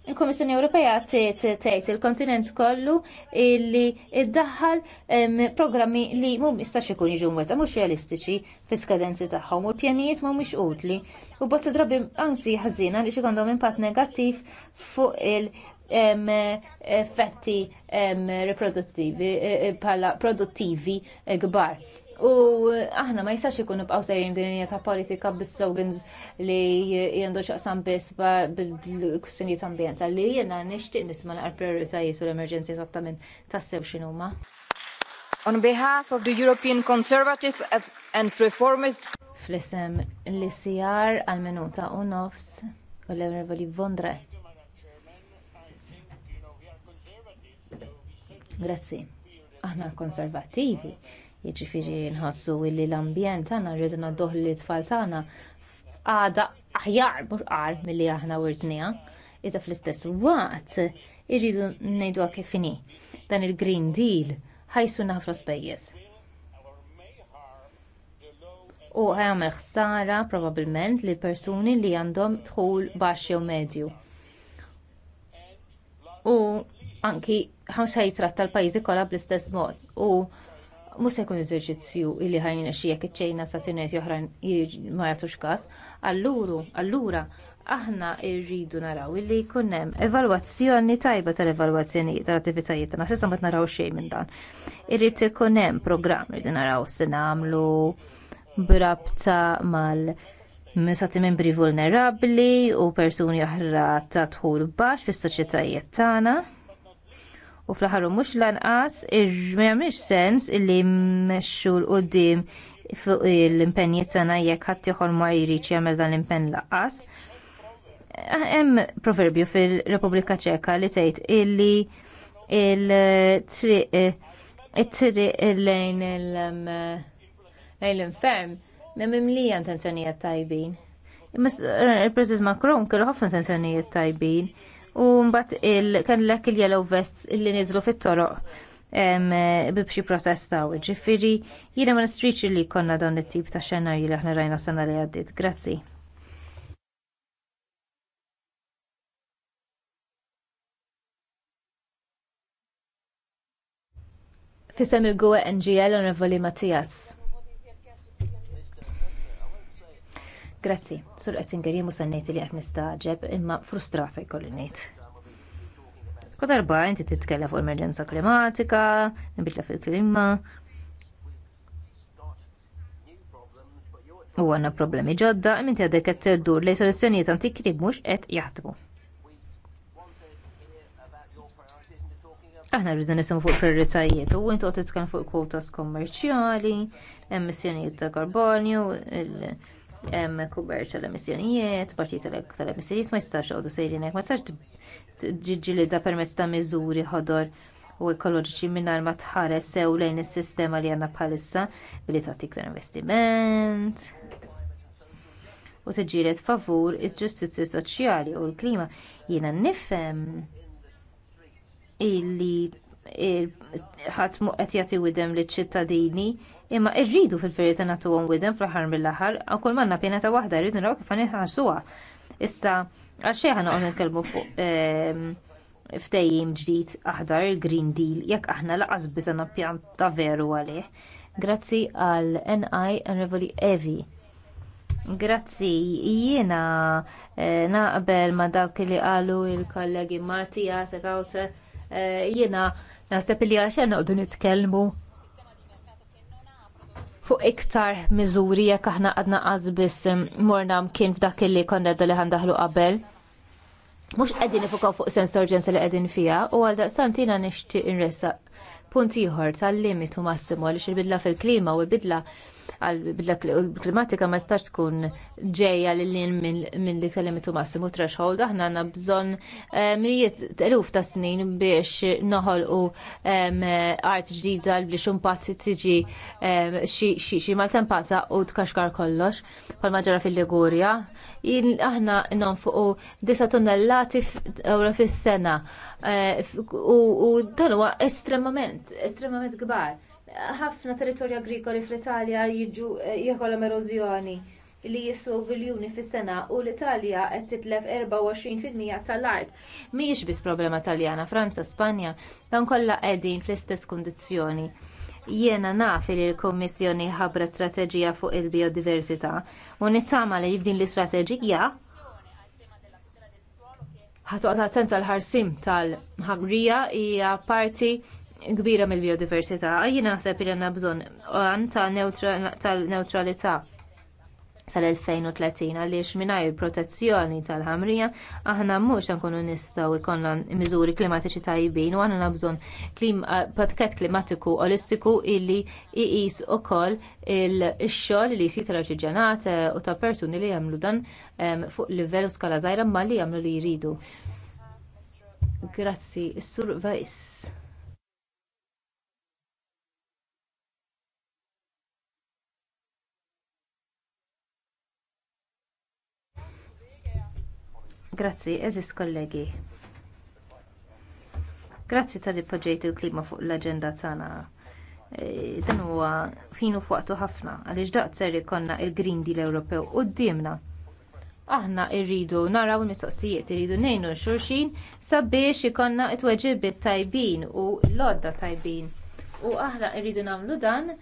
Il-Kummissjoni Ewropea tgħid il-kontinent kollu li iddaħħal ehm, programmi li mhum jistax ikun jiġu mweta mhux realistiċi fis-skadenzi tagħhom u l-pjanijiet mhumiex utli. U bosta drabi anzi ħażina li xikondom impat impatt fuq il- Eh, effetti riproduttivi bħala eh, eh, produttivi kbar. U aħna ma jistax ikun nibqgħu sejrin dinja ta' politika bis-slogans li jendu xaqsam biss bil-kustinijiet ambjentali li jiena nixtieq nisma' naqra prioritajiet u l-emerġenzi eżattament sew xinuma. On behalf of the European Conservative and Reformist fl-isem l-ICR għal-minuta u nofs u l-Onorevoli Vondre. Grazzi. Aħna konservattivi, jiġifieri nħassu li l-ambjent għana rridu naddoħ li tfal tagħna għada aħjar burqar milli aħna wirdnija, iżda fl-istess waqt irridu ngħidu kif inhi. Dan il-Green Deal ħajsu ħafna spejjeż. U għajam ħsara probabbilment li persuni li għandhom tħul baxx jew medju. U anki ħamxa jitratta l-pajjiżi kollha bl-istess mod u mhux se jkun eżerċizzju illi ħajna xie jekk ċejna oħrajn ma jagħtux każ, għalluru, allura aħna rridu naraw illi jkun hemm evalwazzjoni tajba tal evalwazzjoni tal-attivitajiet tagħna s'issa ma naraw xejn minn dan. Irrid ikun hemm programm irridu naraw se nagħmlu b'rabta mal stati membri vulnerabbli u persuni oħra ta' tħur baxx fis-soċjetajiet tagħna u fl-aħħar mhux lanqas m'għamilx sens illi mmexxu l quddiem fuq l-impenji tagħna jekk ħadd ieħor ma jridx jagħmel dan l-impenn lanqas. Eh, hemm proverbju fil-Repubblika Ċeka li tgħid illi il-triq it-triq lejn mm, l-inferm minn imlija intenzjonijiet tajbin. il-President Macron kellu ħafna intenzjonijiet tajbin u mbagħad il kellek il-yellow vests li niżlu fit-toroq bibxi protestaw. Ġifiri, jiena ma nistriċ li konna dawn it-tip ta' xenarju li aħna rajna sena li għaddit. Grazzi. Fisem il-Goa NGL Onorevoli Mattias. Grazzi, sur Ettinger jimu sannejti li qed staġeb imma frustrata jkolli ngħid. Kodarba inti titkella fuq emerġenza klimatika, nbidla fil-klima. U għanna problemi ġodda, minti għadek qed dur li soluzzjonijiet antiki li mhux qed jaħdmu. aħna rridu nisimgħu fuq prioritajiet u intu qed titkellem fuq kwotas kommerċjali, emissjonijiet ta' karbonju, hemm kuber tal-emissjonijiet, partit tal-emissjonijiet ma jistax għodu sejrin ma jistax ġiġilida permezz ta' miżuri ħodor u ekoloġiċi mingħajr ma tħares sew lejn is-sistema li għandna bħalissa billi tagħti iktar investiment u tiġġieled favur is-ġustizzja soċjali u l-klima jiena nifhem illi ħadd qed jagħti widem liċ-ċittadini imma irridu fil natu nagħtuhom widem fl-aħħar mill-aħħar kull manna pjena ta' waħda rridu naraw kif suwa Issa għal xejn ħanoqgħod nitkellmu fuq ehm, ftejjim ġdid aħdar il-Green Deal jekk aħna laqas biża pjan ta' veru għalih. Grazzi għal NI Enrevoli Evi. Grazzi, jiena eh, naqbel ma dawk li qalu il-kollegi Mattia Sekawte eh, jiena Naħseb li għaxen noqdu nitkellmu fuq iktar miżuri jekk aħna għadna qas biss morna mkien f'dak li konna li ħandaħlu qabel. Mhux qegħdin nifukaw fuq sens ta' urġenza li qegħdin fiha u għal daqstant jiena nixtieq inressaq Punt ieħor tal-limitu massimo għaliex il-bidla fil-klima u l-bidla għal-bidla klimatika ma jistax tkun ġejja lil lin minn dik tal-limitu massimu threshold aħna għandna bżonn eh, mijiet eluf ta' snin biex noħolqu art ġdida biex xumpat tiġi xi maltempata u tkaxkar kollox bħalma ġara fil-Ligurja. Aħna nonfuqu disa tonnellati ewra fis-sena Eh, u dan huwa estremament, estremament kbar. Ħafna territorju agrikoli fl-Italja jiġu eh, jieħolhom erożjoni li jiswew biljuni fis-sena u l-Italja qed titlef 24% tal-art. Mhijiex biss problema Taljana, Franza, Spanja, dan kollha qegħdin fl-istess kundizzjoni. Jiena naf li l-Kommissjoni ħabra strateġija fuq il-biodiversità u nittama li jibdin l-istrateġija ħatoqgħod attent għal ħarsim tal-ħamrija hija parti kbira mill-biodiversità. Jiena naħseb li għandna bżonn għan tal-neutralità sal-2030 għaliex mingħajr protezzjoni tal-ħamrija aħna mhux nkunu nistgħu jkollna miżuri klimatiċi tajbin u għandna bżonn pakket klimatiku olistiku illi jqis ukoll ix-xogħol li jsir tal oċiġenat eh, u ta' persuni li jagħmlu dan fuq livell u skala żgħira ma li jagħmlu li jridu. Grazzi, sur Vajs. Grazzi, eżis kollegi. Grazzi tal poġġejt il-klima fuq l-agenda tagħna. E, dan huwa finu fuqtu ħafna għaliex daqser ikonna il-Green Deal Ewropew quddiemna. Aħna rridu naraw il-mistoqsijiet, irridu ngħinu xulxin sabiex ikonna it-weġibiet tajbin u l-odda tajbin. U aħna rridu nagħmlu dan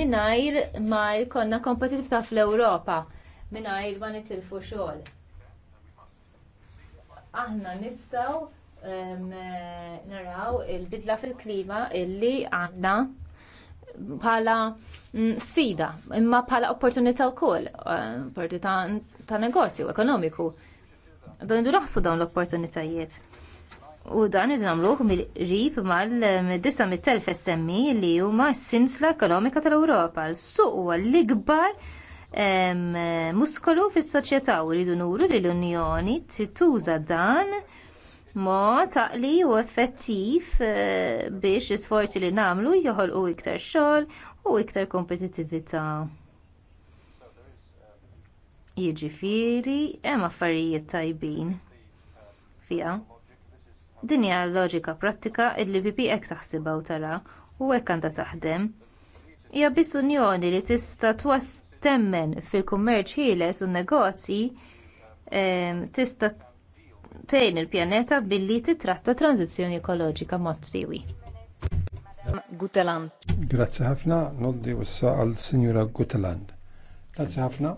mingħajr ma jkollna kompetitiv ta' fl-Ewropa, mingħajr ma nitilfu xogħol aħna nistgħu um, naraw il-bidla fil-klima illi għandna bħala mm, sfida, imma bħala opportunità wkoll, opportunità ta' negozju ekonomiku. Dan idu naħsbu dawn l-opportunitajiet. U dan idu nagħmluh mill-qrib mal-disa mit-telf SMI li huma s-sinsla ekonomika tal-Ewropa. L-suq huwa l-ikbar muskolu fis-soċjetà u rridu nuru li l-Unjoni tuża dan mod taqli u effettiv eh, biex l isforzi li nagħmlu joħolqu iktar xogħol u iktar kompetittività. Jiġifieri hemm affarijiet tajbin fiha. Din hija loġika prattika li PP hekk taħsibha u tara u hekk għandha taħdem. Hija biss unjoni li tista' twass temmen fil-kummerċ ħieles u n negozji ehm, tista' tgħin il-pjaneta billi titratta tranzizzjoni ekoloġika mod siewi. Guteland. Grazzi ħafna, noddi wissa għal Sinjura Guteland. Grazzi ħafna.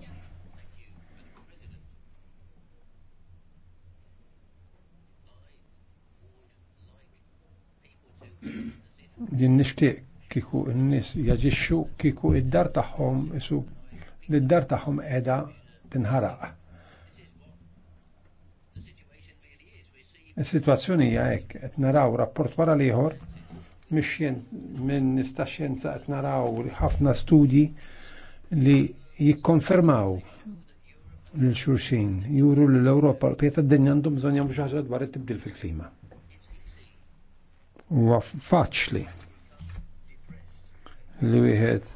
Din nishtiq kiku n nis jaġixxu kiku id-dar tagħhom isub li d-dar tagħhom qiegħda tinħaraq. Is-sitwazzjoni hija hekk qed naraw rapport wara l-ieħor minn nista' xjenza qed naraw ħafna studji li jikkonfermaw lil xurxin juru l Ewropa l-pieta d-dinja għandhom bżonn jagħmlu xi ħaġa dwar it-tibdil fil-klima. Huwa faċli li wieħed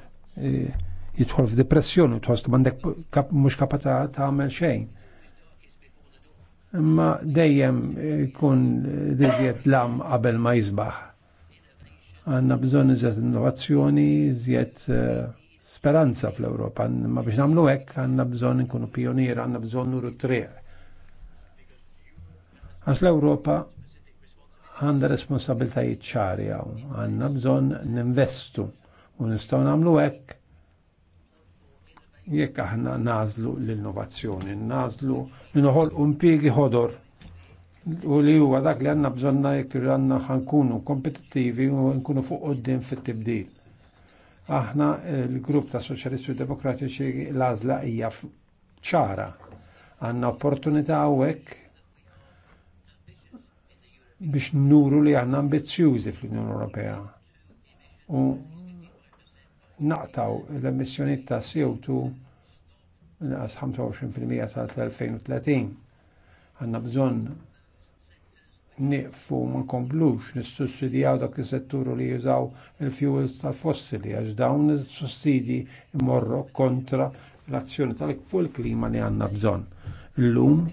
eh, jidħol f'depressjoni tħoss mux mhux ta' għamel xejn. Imma dejjem ikun diżjed lam qabel ma jisbaħ. Għandna bżonn iżjed innovazzjoni, iżjed eh, speranza fl europa Ma biex nagħmlu hekk għandna bżonn nkunu pionier, għandna bżonn nuru triq. Għax l-Ewropa għandha responsabiltajiet ċari Għanna għandna bżonn ninvestu u nistgħu nagħmlu hekk jekk aħna nażlu l-innovazzjoni, nażlu l-noħol impiegi ħodor u li huwa dak li għandna bżonna jekk għandna ħankunu kompetittivi u nkunu fuq qoddim fit-tibdil. Aħna l-grupp ta' Soċjalisti Demokratiċi l-għażla hija ċara. Għandna opportunità hawnhekk biex nuru li għandna ambizjużi fl-Unjoni Ewropea u naqtaw l-emissjoni ta' CO2 naqas 25% sal-2030. Għanna bżon niqfu ma nkomplux nissussidjaw dak is-setturu li jużaw il-fuels tal-fossili għax dawn is sussidji imorru kontra l-azzjoni tal-klima li għandna bżonn. Illum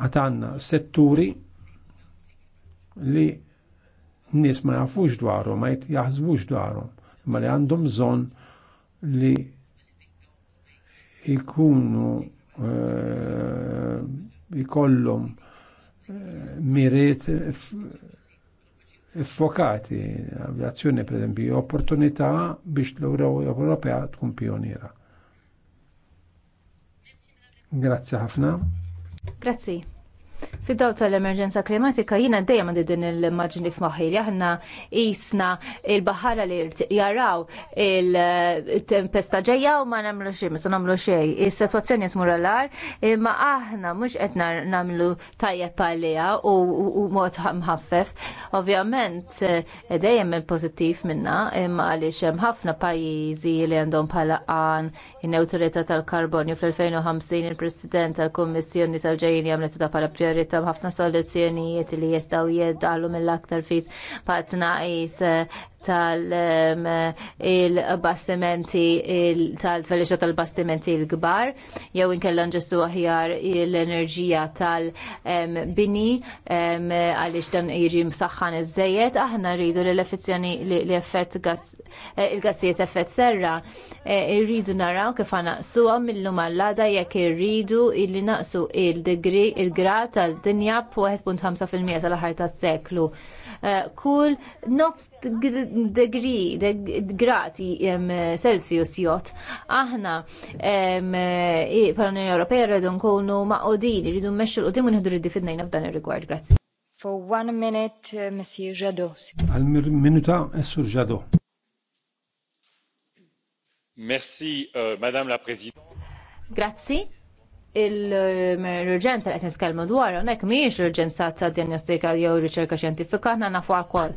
għad għandna setturi li nis ma jafux dwarhom, ma jaħsbux dwarhom, ma li għandhom bżonn li ikunu eh, ikollhom eh, miriet iffokati, azzjoni per esempio, opportunità biex l europa tkun pioniera. Grazzi ħafna. Grazzi. Fid-daw tal-emerġenza klimatika jina dejjem għandi din il-immaġni f'maħħi li aħna isna il-baħara li jaraw il-tempesta ġejja u ma nagħmlu xejn, ma nagħmlu xejn. Is-sitwazzjoni qed għar imma aħna mhux qed nagħmlu tajjeb għaliha u mod mħaffef. Ovvjament eh, dejjem il-pożittiv minna imma għaliex hemm ħafna pajjiżi li għandhom bħala qan in newtralità tal-karbonju fl-2050 il-President tal-Kummissjoni tal-Ġejjin jagħmlet ta' bħala priorità ta' ħafna soluzzjonijiet li jistgħu jeddalu mill-aktar fis pa' tnaqis eh, tal-bastimenti tal-tfelixa tal-bastimenti l-kbar jew inkella nġessu aħjar l-enerġija tal-bini għaliex dan jiġi msaħħan iż aħna rridu li l-effezzjoni li effett eh, il-gassijiet effett serra eh, rridu naraw kif naqsuha mill-lum għall lada jekk irridu illi naqsu il degri il-grad tal-dinja b'1.5% tal-aħħar tas-seklu kull nofs degree, grati Celsius jot. Aħna pal Unjoni Ewropea rridu nkunu maqodin, rridu mmexxu l qodim u nħidu riddi fidnejna f'dan ir-rigward. Grazzi. For one minute, uh, Monsieur Jadot. Għal minuta, Monsieur Jadot. Merci, euh, Madame la Présidente. Grazie il-urġenza li qed nitkellmu dwar hawnhekk mhijiex urġenza ta' diagnostika jew riċerka xjentifika aħna nafu wkoll.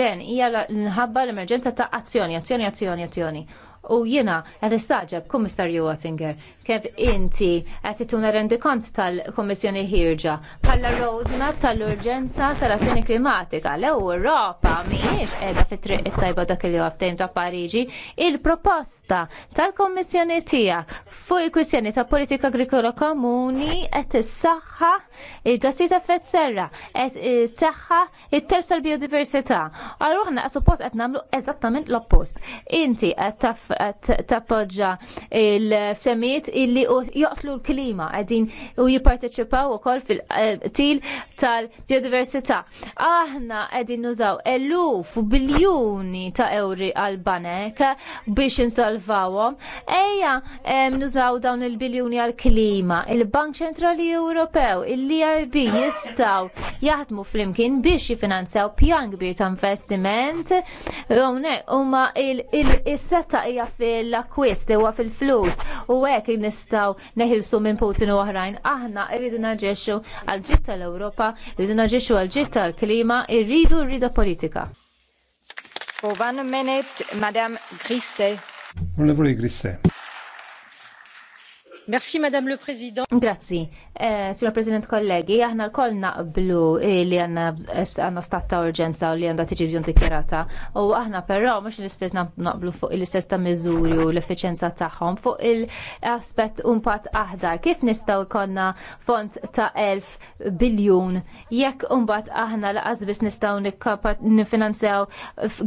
Den hija nħabba l-emerġenza ta' azzjoni, azzjoni, azzjoni, azzjoni. U jiena qed istaġeb, Kummissarju Wattinger, kif inti qed tituna rendikont tal-Kummissjoni Hirġa bħala roadmap tal-urġenza tal-azzjoni klimatika l Europa mhijiex qiegħda fit-triq it-tajba dak li ftehim ta' Pariġi, il-proposta tal-Kummissjoni tiegħek fuq il-kwistjoni ta' politika agrikola komuni qed issaħħa il-gassi ta' effett serra, qed issaħħa it-terz tal-biodiversità. Allura aħna suppost qed nagħmlu eżattament l-oppost. Inti qed taf qed tappoġġa il-ftemiet illi joqtlu l-klima qegħdin u jipparteċipaw ukoll fil-til tal-biodiversità. Aħna qegħdin nużaw eluf u biljuni ta' ewri għal banek biex insolvawhom. Ejja nużaw dawn il-biljuni għal klima. Il-Bank Ċentrali Ewropew, il-ERB jistgħu jaħdmu flimkien biex jifinanzjaw pjan kbir ta' investiment. Huma il-setta hija fil-akwist, huwa fil-flus. U hekk nistgħu neħilsu minn Putin u oħrajn. Aħna rridu naġġeċu għal ġitta tal-Ewropa, rridu naġġeċu għal ġitta l klima irridu rrida politika. For one minute, Madame Grisse. Onorevole Grisse. Merci, Madame le Président. Grazzi. Eh, Sina President, kollegi, aħna l-koll naqblu eh, li eh, għanna stat ta' urġenza u li għanda tiġi bżon dikjarata. U aħna però mux l-istess naqblu fuq l-istess ta' miżuri u l-efficienza tagħhom fuq il-aspett unpat aħdar. Kif nistaw ikonna font ta' 1000 biljun jekk unbat aħna laqas biss nistaw nifinanzjaw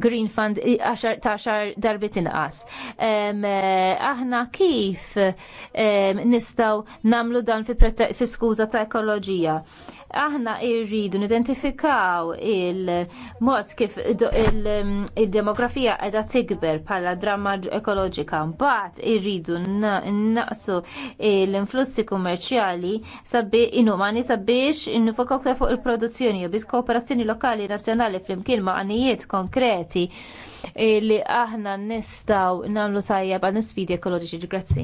Green Fund ta' xar darbit inqas. Eh, aħna kif eh, nistaw namlu dan fi skuża ta' ekoloġija. Aħna irridu nidentifikaw il-mod kif il-demografija qiegħda tikber bħala dramma ekoloġika. Mbagħad irridu naqsu l-influssi kummerċjali sabi ni sabiex innifokaw fuq il-produzzjoni biss kooperazzjoni lokali nazzjonali flimkien ma' għanijiet konkreti li aħna nistaw namlu tajjeb għan sfidi ekoloġiċi. Grazzi.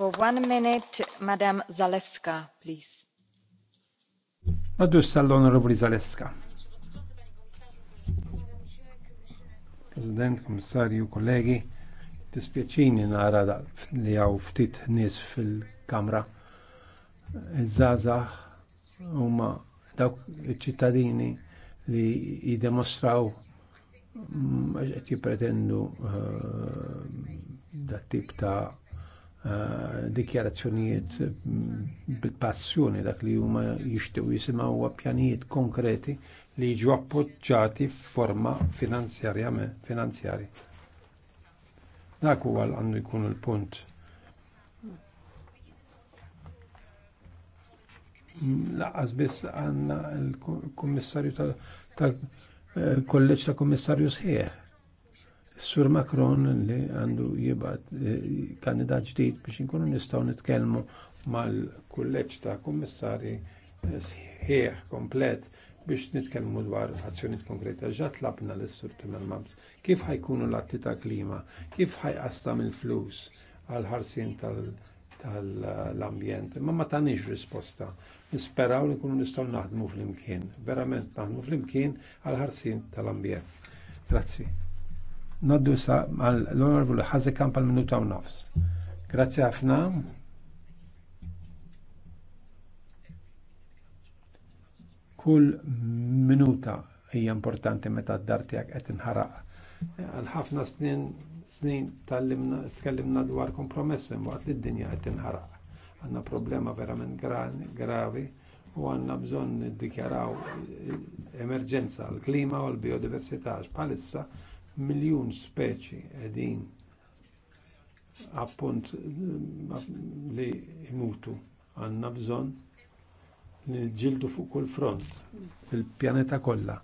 Għaddu s onorevoli Zaleska. President, Komissarju, kollegi, dispjaċini nara li għaw ftit nis fil-kamra. Iż-żaza huma dawk iċ-ċittadini li jiddemostraw mm, qed jippretendu eh, dat tip ta' Eh, dikjarazzjonijiet mm, bil-passjoni dak li huma jixtiew jisimgħu huwa pjanijiet konkreti li jiġu appoġġjati f'forma finanzjarja Dak huwa għandu jkun il-punt. Mm, Laqqas biss għandna l-kummissarju tal-kolleġġ eh, ta' kummissarju sħiħ Sur Macron li għandu jibgħat eh, kandidat ġdid biex inkunu nistgħu nitkellmu mal-kulleġġ ta' kummissarji eh, sħiħ komplet biex nitkellmu dwar azzjonijiet konkreta. Ġat l'abna l sur Mams. kif ħajkunu l-atti ta' klima, kif ħajqastam il-flus għal ħarsin tal-ambjent, ma ma tanix risposta. Nisperaw li nkunu nistgħu naħdmu fl-imkien, verament naħdmu fl-imkien għal ħarsien tal-ambjent. Grazzi. Noddu sa l-onorvulu ħazi kamp minuta u nofs. Grazie għafna. Kull minuta hija importanti meta d-dar tiegħek qed Għal ħafna snin snin tal-limna tkellimna dwar kompromessi waqt li d-dinja għet inħaraq. Għanna problema verament gravi u għanna bżon dikjaraw emerġenza l klima u l biodiversità Palissa, miljun speċi qegħdin appunt eh, li imutu għandna bżonn li ġildu fuq kull front fil-pjaneta kollha.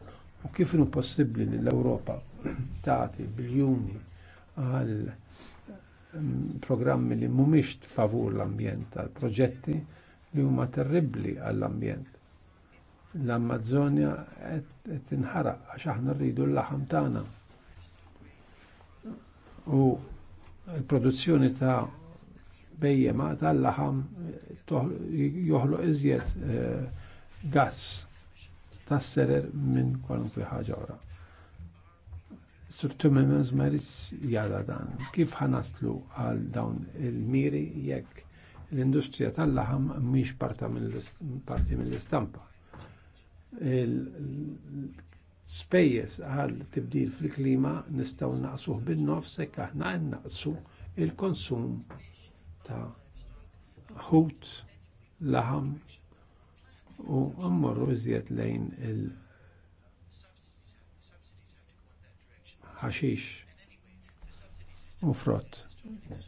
U kif inhu possibbli li l-Ewropa <clears throat> tagħti biljuni għal mm, programmi li mhumiex favur l-ambjent, għal proġetti li huma terribbli għall-ambjent. L-Ammazzonja qed tinħaraq għax aħna rridu l-laħam tagħna u l-produzzjoni ta' bejjema tal-laħam joħloq iżjed eh, gas tas-serer minn kwalunkwe ħaġa oħra. Struttur minn mażmeriċ jada dan. Kif ħanaslu għal dawn il-miri jekk l-industrija tal-laħam mhix parti mill-istampa spejjeż għal tibdil fil-klima nistgħu naqsuh bin-nofs hekk aħna naqsu il-konsum ta' ħut, laħam u mmorru iżjed lejn il- ħaxix u frott.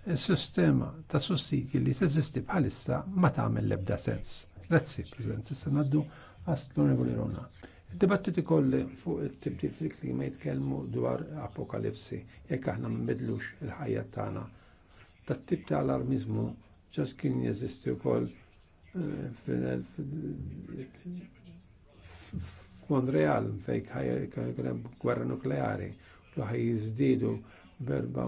Il-sistema ta' sussidji li teżisti bħalissa ma tagħmel l-ebda sens. Grazzi, President, issa ngħaddu għas l-Onorevoli Rona. Dibattiti kolli fuq it-tibdil fil-klima jitkelmu dwar apokalipsi jekk aħna ma nbidlux il-ħajja tagħna. Tat-tip ta' alarmizmu ġaġ kien jeżisti wkoll eh, f'Monreal fejn kien hemm gwerra nukleari u ħaj jiżdiedu berba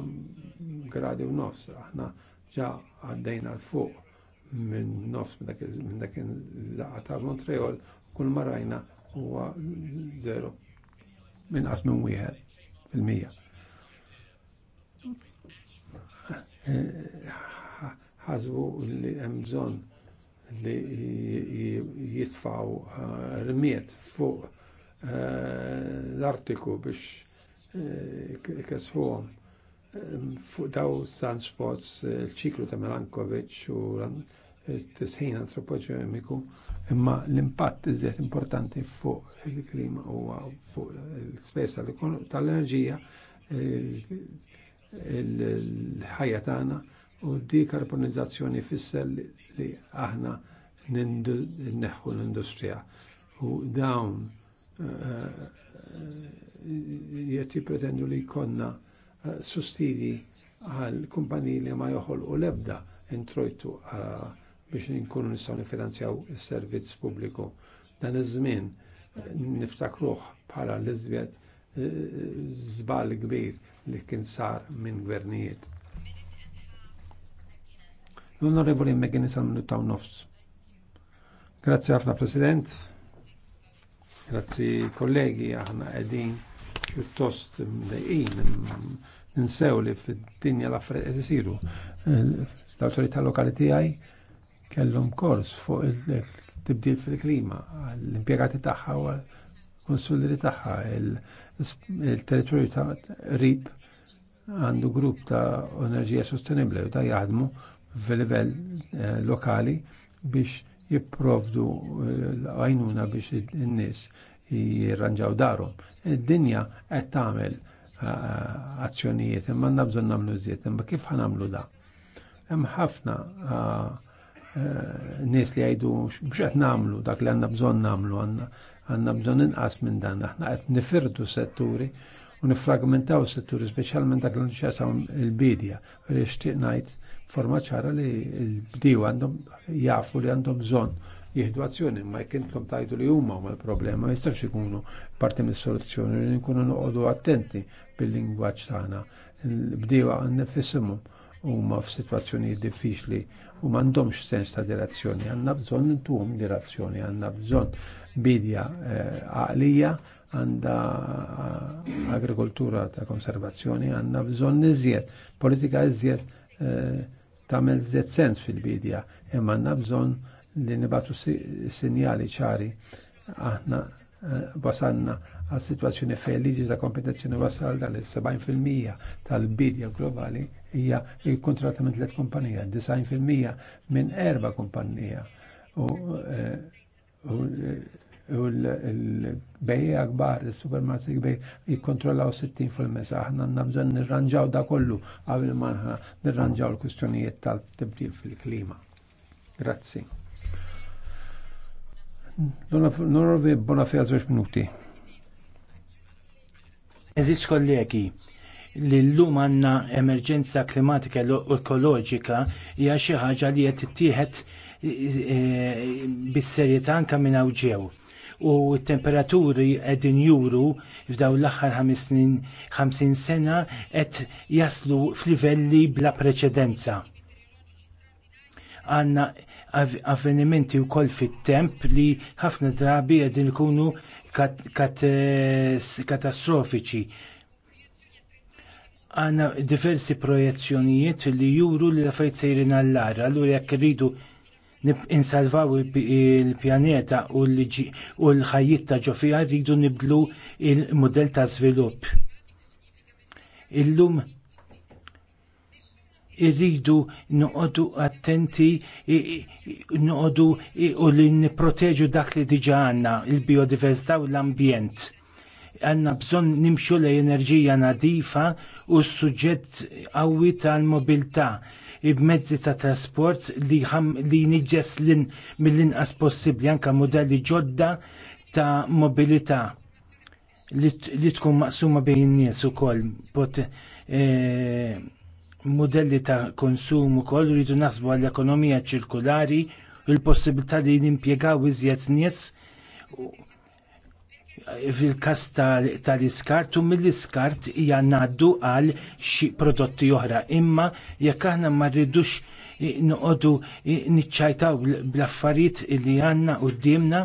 gradi u nofs aħna ġa għaddejna l-fuq minn nofs minn dak il-laqa ta' Montreal kull marajna huwa 0 minqas minn wieħed fil-mija. Ħasbu li hemm bżonn li jitfaw eh, rmiet fuq eh, l-artiku biex eh, ikasħuhom fuq daw sunspots, il-ċiklu ta' Melankovic u l tisħin antropoġemiku Imma l-impatt iżjed importanti fuq il-klima u fuq l-spesa tal-enerġija, il-ħajja tagħna u d-dekarbonizzazzjoni fissel li aħna neħħu l-industrija. U dawn eh, eh, jett jipretendu li jkollna eh, sustidi għal kumpaniji li ma joħol u lebda introjtu biex nkunu nistgħu nifinanzjaw is-servizz pubbliku. Dan iż-żmien niftakruh bħala l-iżjed eh, żball kbir li kien sar minn gvernijiet. L-Onorevoli McGinnis għal-minuta nofs. Grazie ħafna President, grazzi kollegi, aħna għedin piuttost mdejqin ninsew li fid-dinja l-affarijiet isiru. Eh, l-awtorità lokali tiegħi kellhom kors fuq il-tibdil fil-klima l-impjegati tagħha u konsuliri tagħha il-territorju ta' rib għandu grupp ta' enerġija sostenibbli u ta' jaħdmu fil-livell eh, lokali biex jipprovdu eh, għajnuna biex n-nis jirranġaw darom. Id-dinja qed tagħmel eh, azzjonijiet imma għandna bżonn nagħmlu iżjed, imma kif ħanamlu da? Hemm ħafna ah, Eh, nis li għajdu bxet namlu, dak li għanna bżon namlu, għanna bżon inqas minn dan, aħna għet nifirdu setturi u nifragmentaw setturi, specialment dak l-nċasaw il-bidja, li xtiqnajt forma ċara li l-bdiju għandhom jafu li għandhom bżon jihdu azzjoni, ma jkintlom tajdu li huma ma l-problema, ma jistax ikunu parti mis soluzzjoni li nkunu noqogħdu attenti bil-lingwaġġ tagħna. Bdiewa għanna fissimum huma f'sitwazzjonijiet diffiċli u m'għandhomx sens ta' direzzjoni, għandna bżonn intuhom direzzjoni, għandna bżonn bidja eh, għaqlija, għanda eh, agrikoltura ta' konservazzjoni, għanna bżonn iżjed, politika iżjed eh, ta' iżjed sens fil-bidja, imma għanna bżonn li nibatu sinjali ċari aħna basanna għal situazzjoni fej liġi ta' kompetizzjoni wasal dan il-70% tal-bidja globali hija il-kontrat minn tliet kumpanija, 90% minn erba' kumpanija. U eh, eh, l-bejja kbar, il-supermarket kbej, jikontrollaw 60% fil-mesa, aħna għanna bżon nirranġaw da kollu qabel manħa nirranġaw l kustjonijiet tal-tibdil fil-klima. Grazzi. L-onorvi Bonafea 20 minuti. Eżis kollegi, li llum għandna emerġenza klimatika u ekoloġika hija xi ħaġa li qed ittieħed eh, bis-serjetà anke minn hawn ġew. U t-temperaturi qegħdin juru f'dawn l-aħħar 50 sena qed jaslu f'livelli bla preċedenza. Għandna avvenimenti wkoll fit-temp li ħafna drabi qegħdin ikunu Eh, katastrofiċi. Għanna diversi projezzjonijiet li juru li l-affarijiet sejrin għall allura jekk irridu insalvaw il-pjaneta u l-ħajjiet ta' ġofija rridu nibdlu il-modell ta' żvilupp. Illum irridu noqogħdu attenti noqogħdu u li nipproteġu dak li diġà għandna il-biodiversità u l-ambjent. Għandna bżonn nimxu lejn enerġija nadifa u s-suġġett qawwi tal-mobilità b'mezzi ta' trasport li, li mill-inqas possibbli anke mudelli ġodda ta' mobilità li, tkun maqsuma bejn in-nies ukoll. Pot, eh, modelli ta' konsum ukoll rridu naħsbu għall-ekonomija ċirkulari u l-possibilità li nimpjegaw iżjed nies fil-każ tal-iskart u mill-iskart hija ngħaddu għal xi prodotti oħra. Imma jekk aħna ma rridux noqogħdu niċċajtaw bl-affarijiet li għandna quddiemna.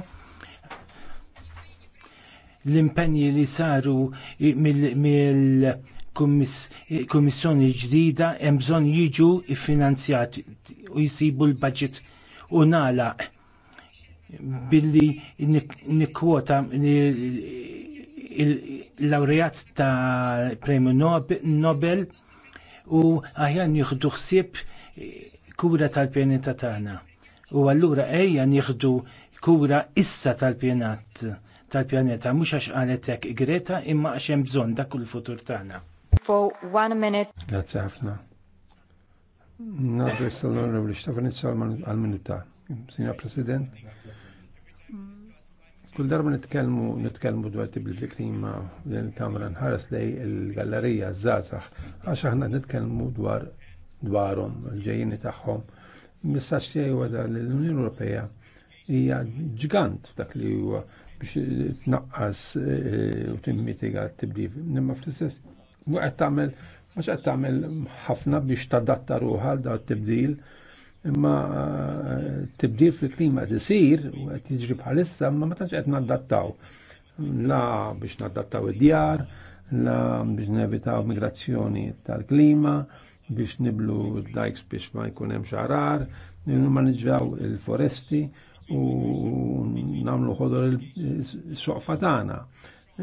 l-impenji li saru mill kummissjoni ġdida hemm bżonn jiġu iffinanzjati u jsibu l-budget u nagħlaq billi nikkwota il-laureat ta' premju Nobel u aħjar nieħdu ħsieb kura tal-pjaneta tagħna. U allura ejja nieħdu kura issa tal-pjanat tal-pjaneta mhux għax qalet hekk Greta imma għax hemm bżonn dak il-futur tagħna for one minute. Grazie ħafna. Naddu s-sal-onorevoli Stefanizzo għal-minuta. Signor President, kull darba nitkellmu nitkellmu dwar tibli fil-klima din il-kamra nħares lej il-gallerija żgħażagħ għax aħna nitkellmu dwar dwarhom il-ġejjini tagħhom. Messaġġ tiegħi huwa li l-Unjoni Ewropea hija ġgant dak li huwa biex tnaqqas eh, u timmitiga t-tibdil. Nimma fl-istess qed tagħmel mhux qed tagħmel ħafna biex tadatta ruħha għal dawn tibdil imma tibdil fil-klima qed isir u qed jiġri bħalissa imma ma tantx qed naddattaw. La biex naddattaw id-djar, la biex nevitaw migrazzjoni tal-klima, biex niblu d-dikes biex ma jkun hemm xarar, nimmanġaw il-foresti u namlu ħodor il-soqfa tagħna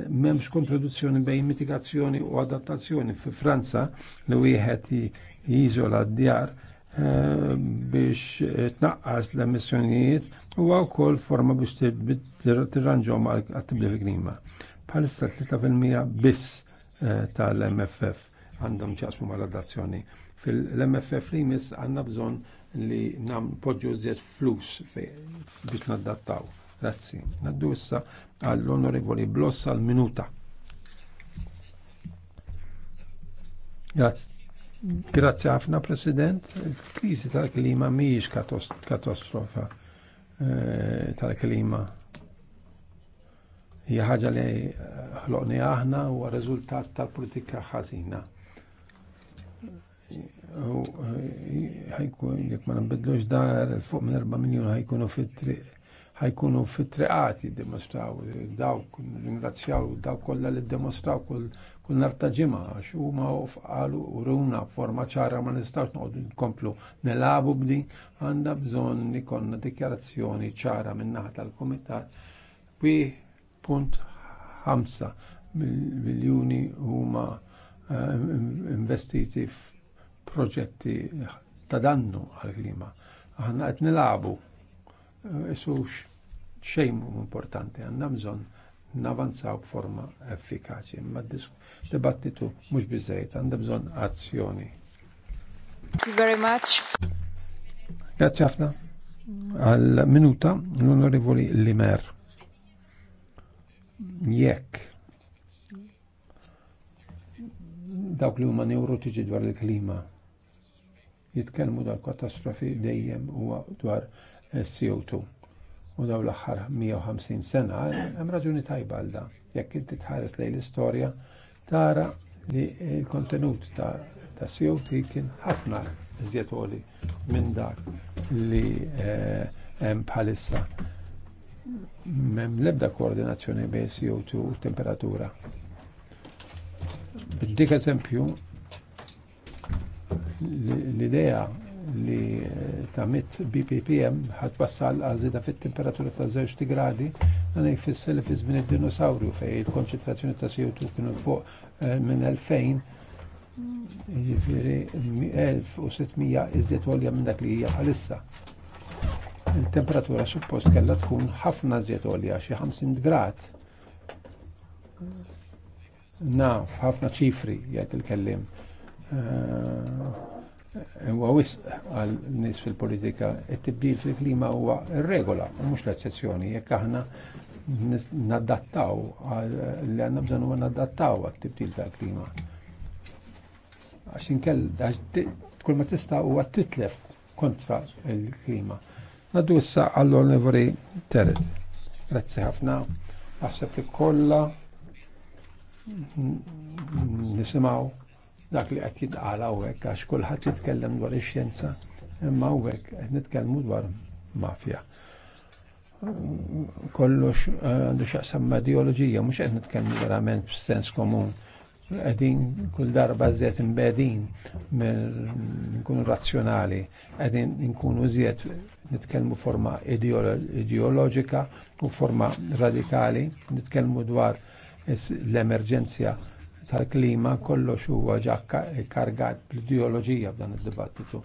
memx kontraduzzjoni bej mitigazzjoni u adattazzjoni. Fi Franza li wieħed jiżola d-djar eh, biex eh, tnaqqas l-emissjonijiet u għaw kol forma biex tirranġom għattibli tibli klima. Palissa 3% biss eh, tal-MFF għandhom ċasmu ma l adattazzjoni Fil-MFF li jmiss għanna bżon li nam poġġu flus biex naddattaw. Grazzi. Naddu issa għall-Onorevoli Bloss għal minuta. Grazzi. Grazzi ħafna, President. Il-krizi tal-klima miex katastrofa eh, tal-klima. Hija ħaġa li eh, ħloqni aħna u riżultat tal-politika ħażina. Eh, ħajkun jekk ma nbidlux dar fuq minn 4 miljun ħajkunu fit-triq ħajkunu fit-triqat jiddemostraw dawk, ringrazzjaw dawk kollha li ddemostraw kull kull nar ta' ġimgħa għax huma qalu runa forma ċara ma nistax noqogħdu nkomplu nelabu b'di għandha bżonn ikollna dikjarazzjoni ċara min-naħa tal-kumitat wi punt ħamsa miljuni huma eh, investiti f'proġetti ta' dannu għall klima Aħna qed nilagħbu. Eh, isux xejn importanti għandna bżonn navanzaw b'forma effikaċi, imma dibattitu mhux biżejjed għandna bżonn azzjoni. Thank you very much. Grazie ħafna. Għal minuta l-Onorevoli Limer. Jekk dawk li huma neurotiġi dwar il-klima jitkellmu dwar katastrofi dejjem huwa dwar CO2 u daw l-aħħar 150 sena hemm raġuni tajba għal dan. Jekk inti tħares lejn l-istorja tara li l-kontenut ta' ta' CO2 kien ħafna iżjed minn dak li eh, hemm bħalissa. Mem lebda koordinazzjoni bejn CO2 u temperatura. Dik eżempju l-idea li eh, ta' mit BPPM ħat wassal għazida fit-temperatura ta' 0 gradi dan jfisser fi żmien id-dinosawrju fej il-konċentrazzjoni ta' CO2 kienu fuq eh, minn 2000 jiġifieri 1600 iżjed għolja minn dak li hija bħalissa. Il-temperatura suppost kellha tkun ħafna iżjed għolja xi 50 grad. Naf, ħafna ċifri jgħid il-kellim eh, huwa wisq għal nies fil-politika, it-tibdil fil-klima huwa regola u mhux l-eċċezzjoni jekk aħna naddattaw li għandna bżonn huwa naddattaw għat-tibdil tal-klima. Għax inkell kull ma tista' huwa titlef kontra l-klima. Naddu issa għall-Onevori Teret. Grazzi ħafna. Naħseb li kollha nisimaw dak li qed jitqala hawnhekk għax kulħadd jitkellem dwar ix-xjenza imma hawnhekk qed nitkellmu dwar mafja. Kollox eh, għandu x'aqsam ma' ideoloġija mhux qed nitkellmu verament f'sens komun. Qegħdin kull darba żiet imbedin nkunu razzjonali, qegħdin nkunu żiet nitkellmu forma ideoloġika u forma radikali, nitkellmu dwar l-emerġenzja tal-klima kollox huwa ġa kargat bl-ideoloġija f'dan id-dibattitu.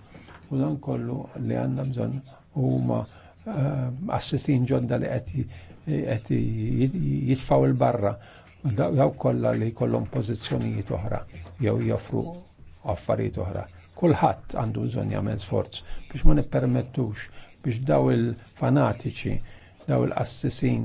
U dan kollu li għandna bżonn huma eh, assistin ġodda li qed jitfaw il-barra daw kollha li jkollhom pożizzjonijiet oħra jew joffru affarijiet oħra. Kulħadd għandu bżonn jagħmel sforz biex ma nippermettux biex daw il-fanatiċi, daw il-qassisin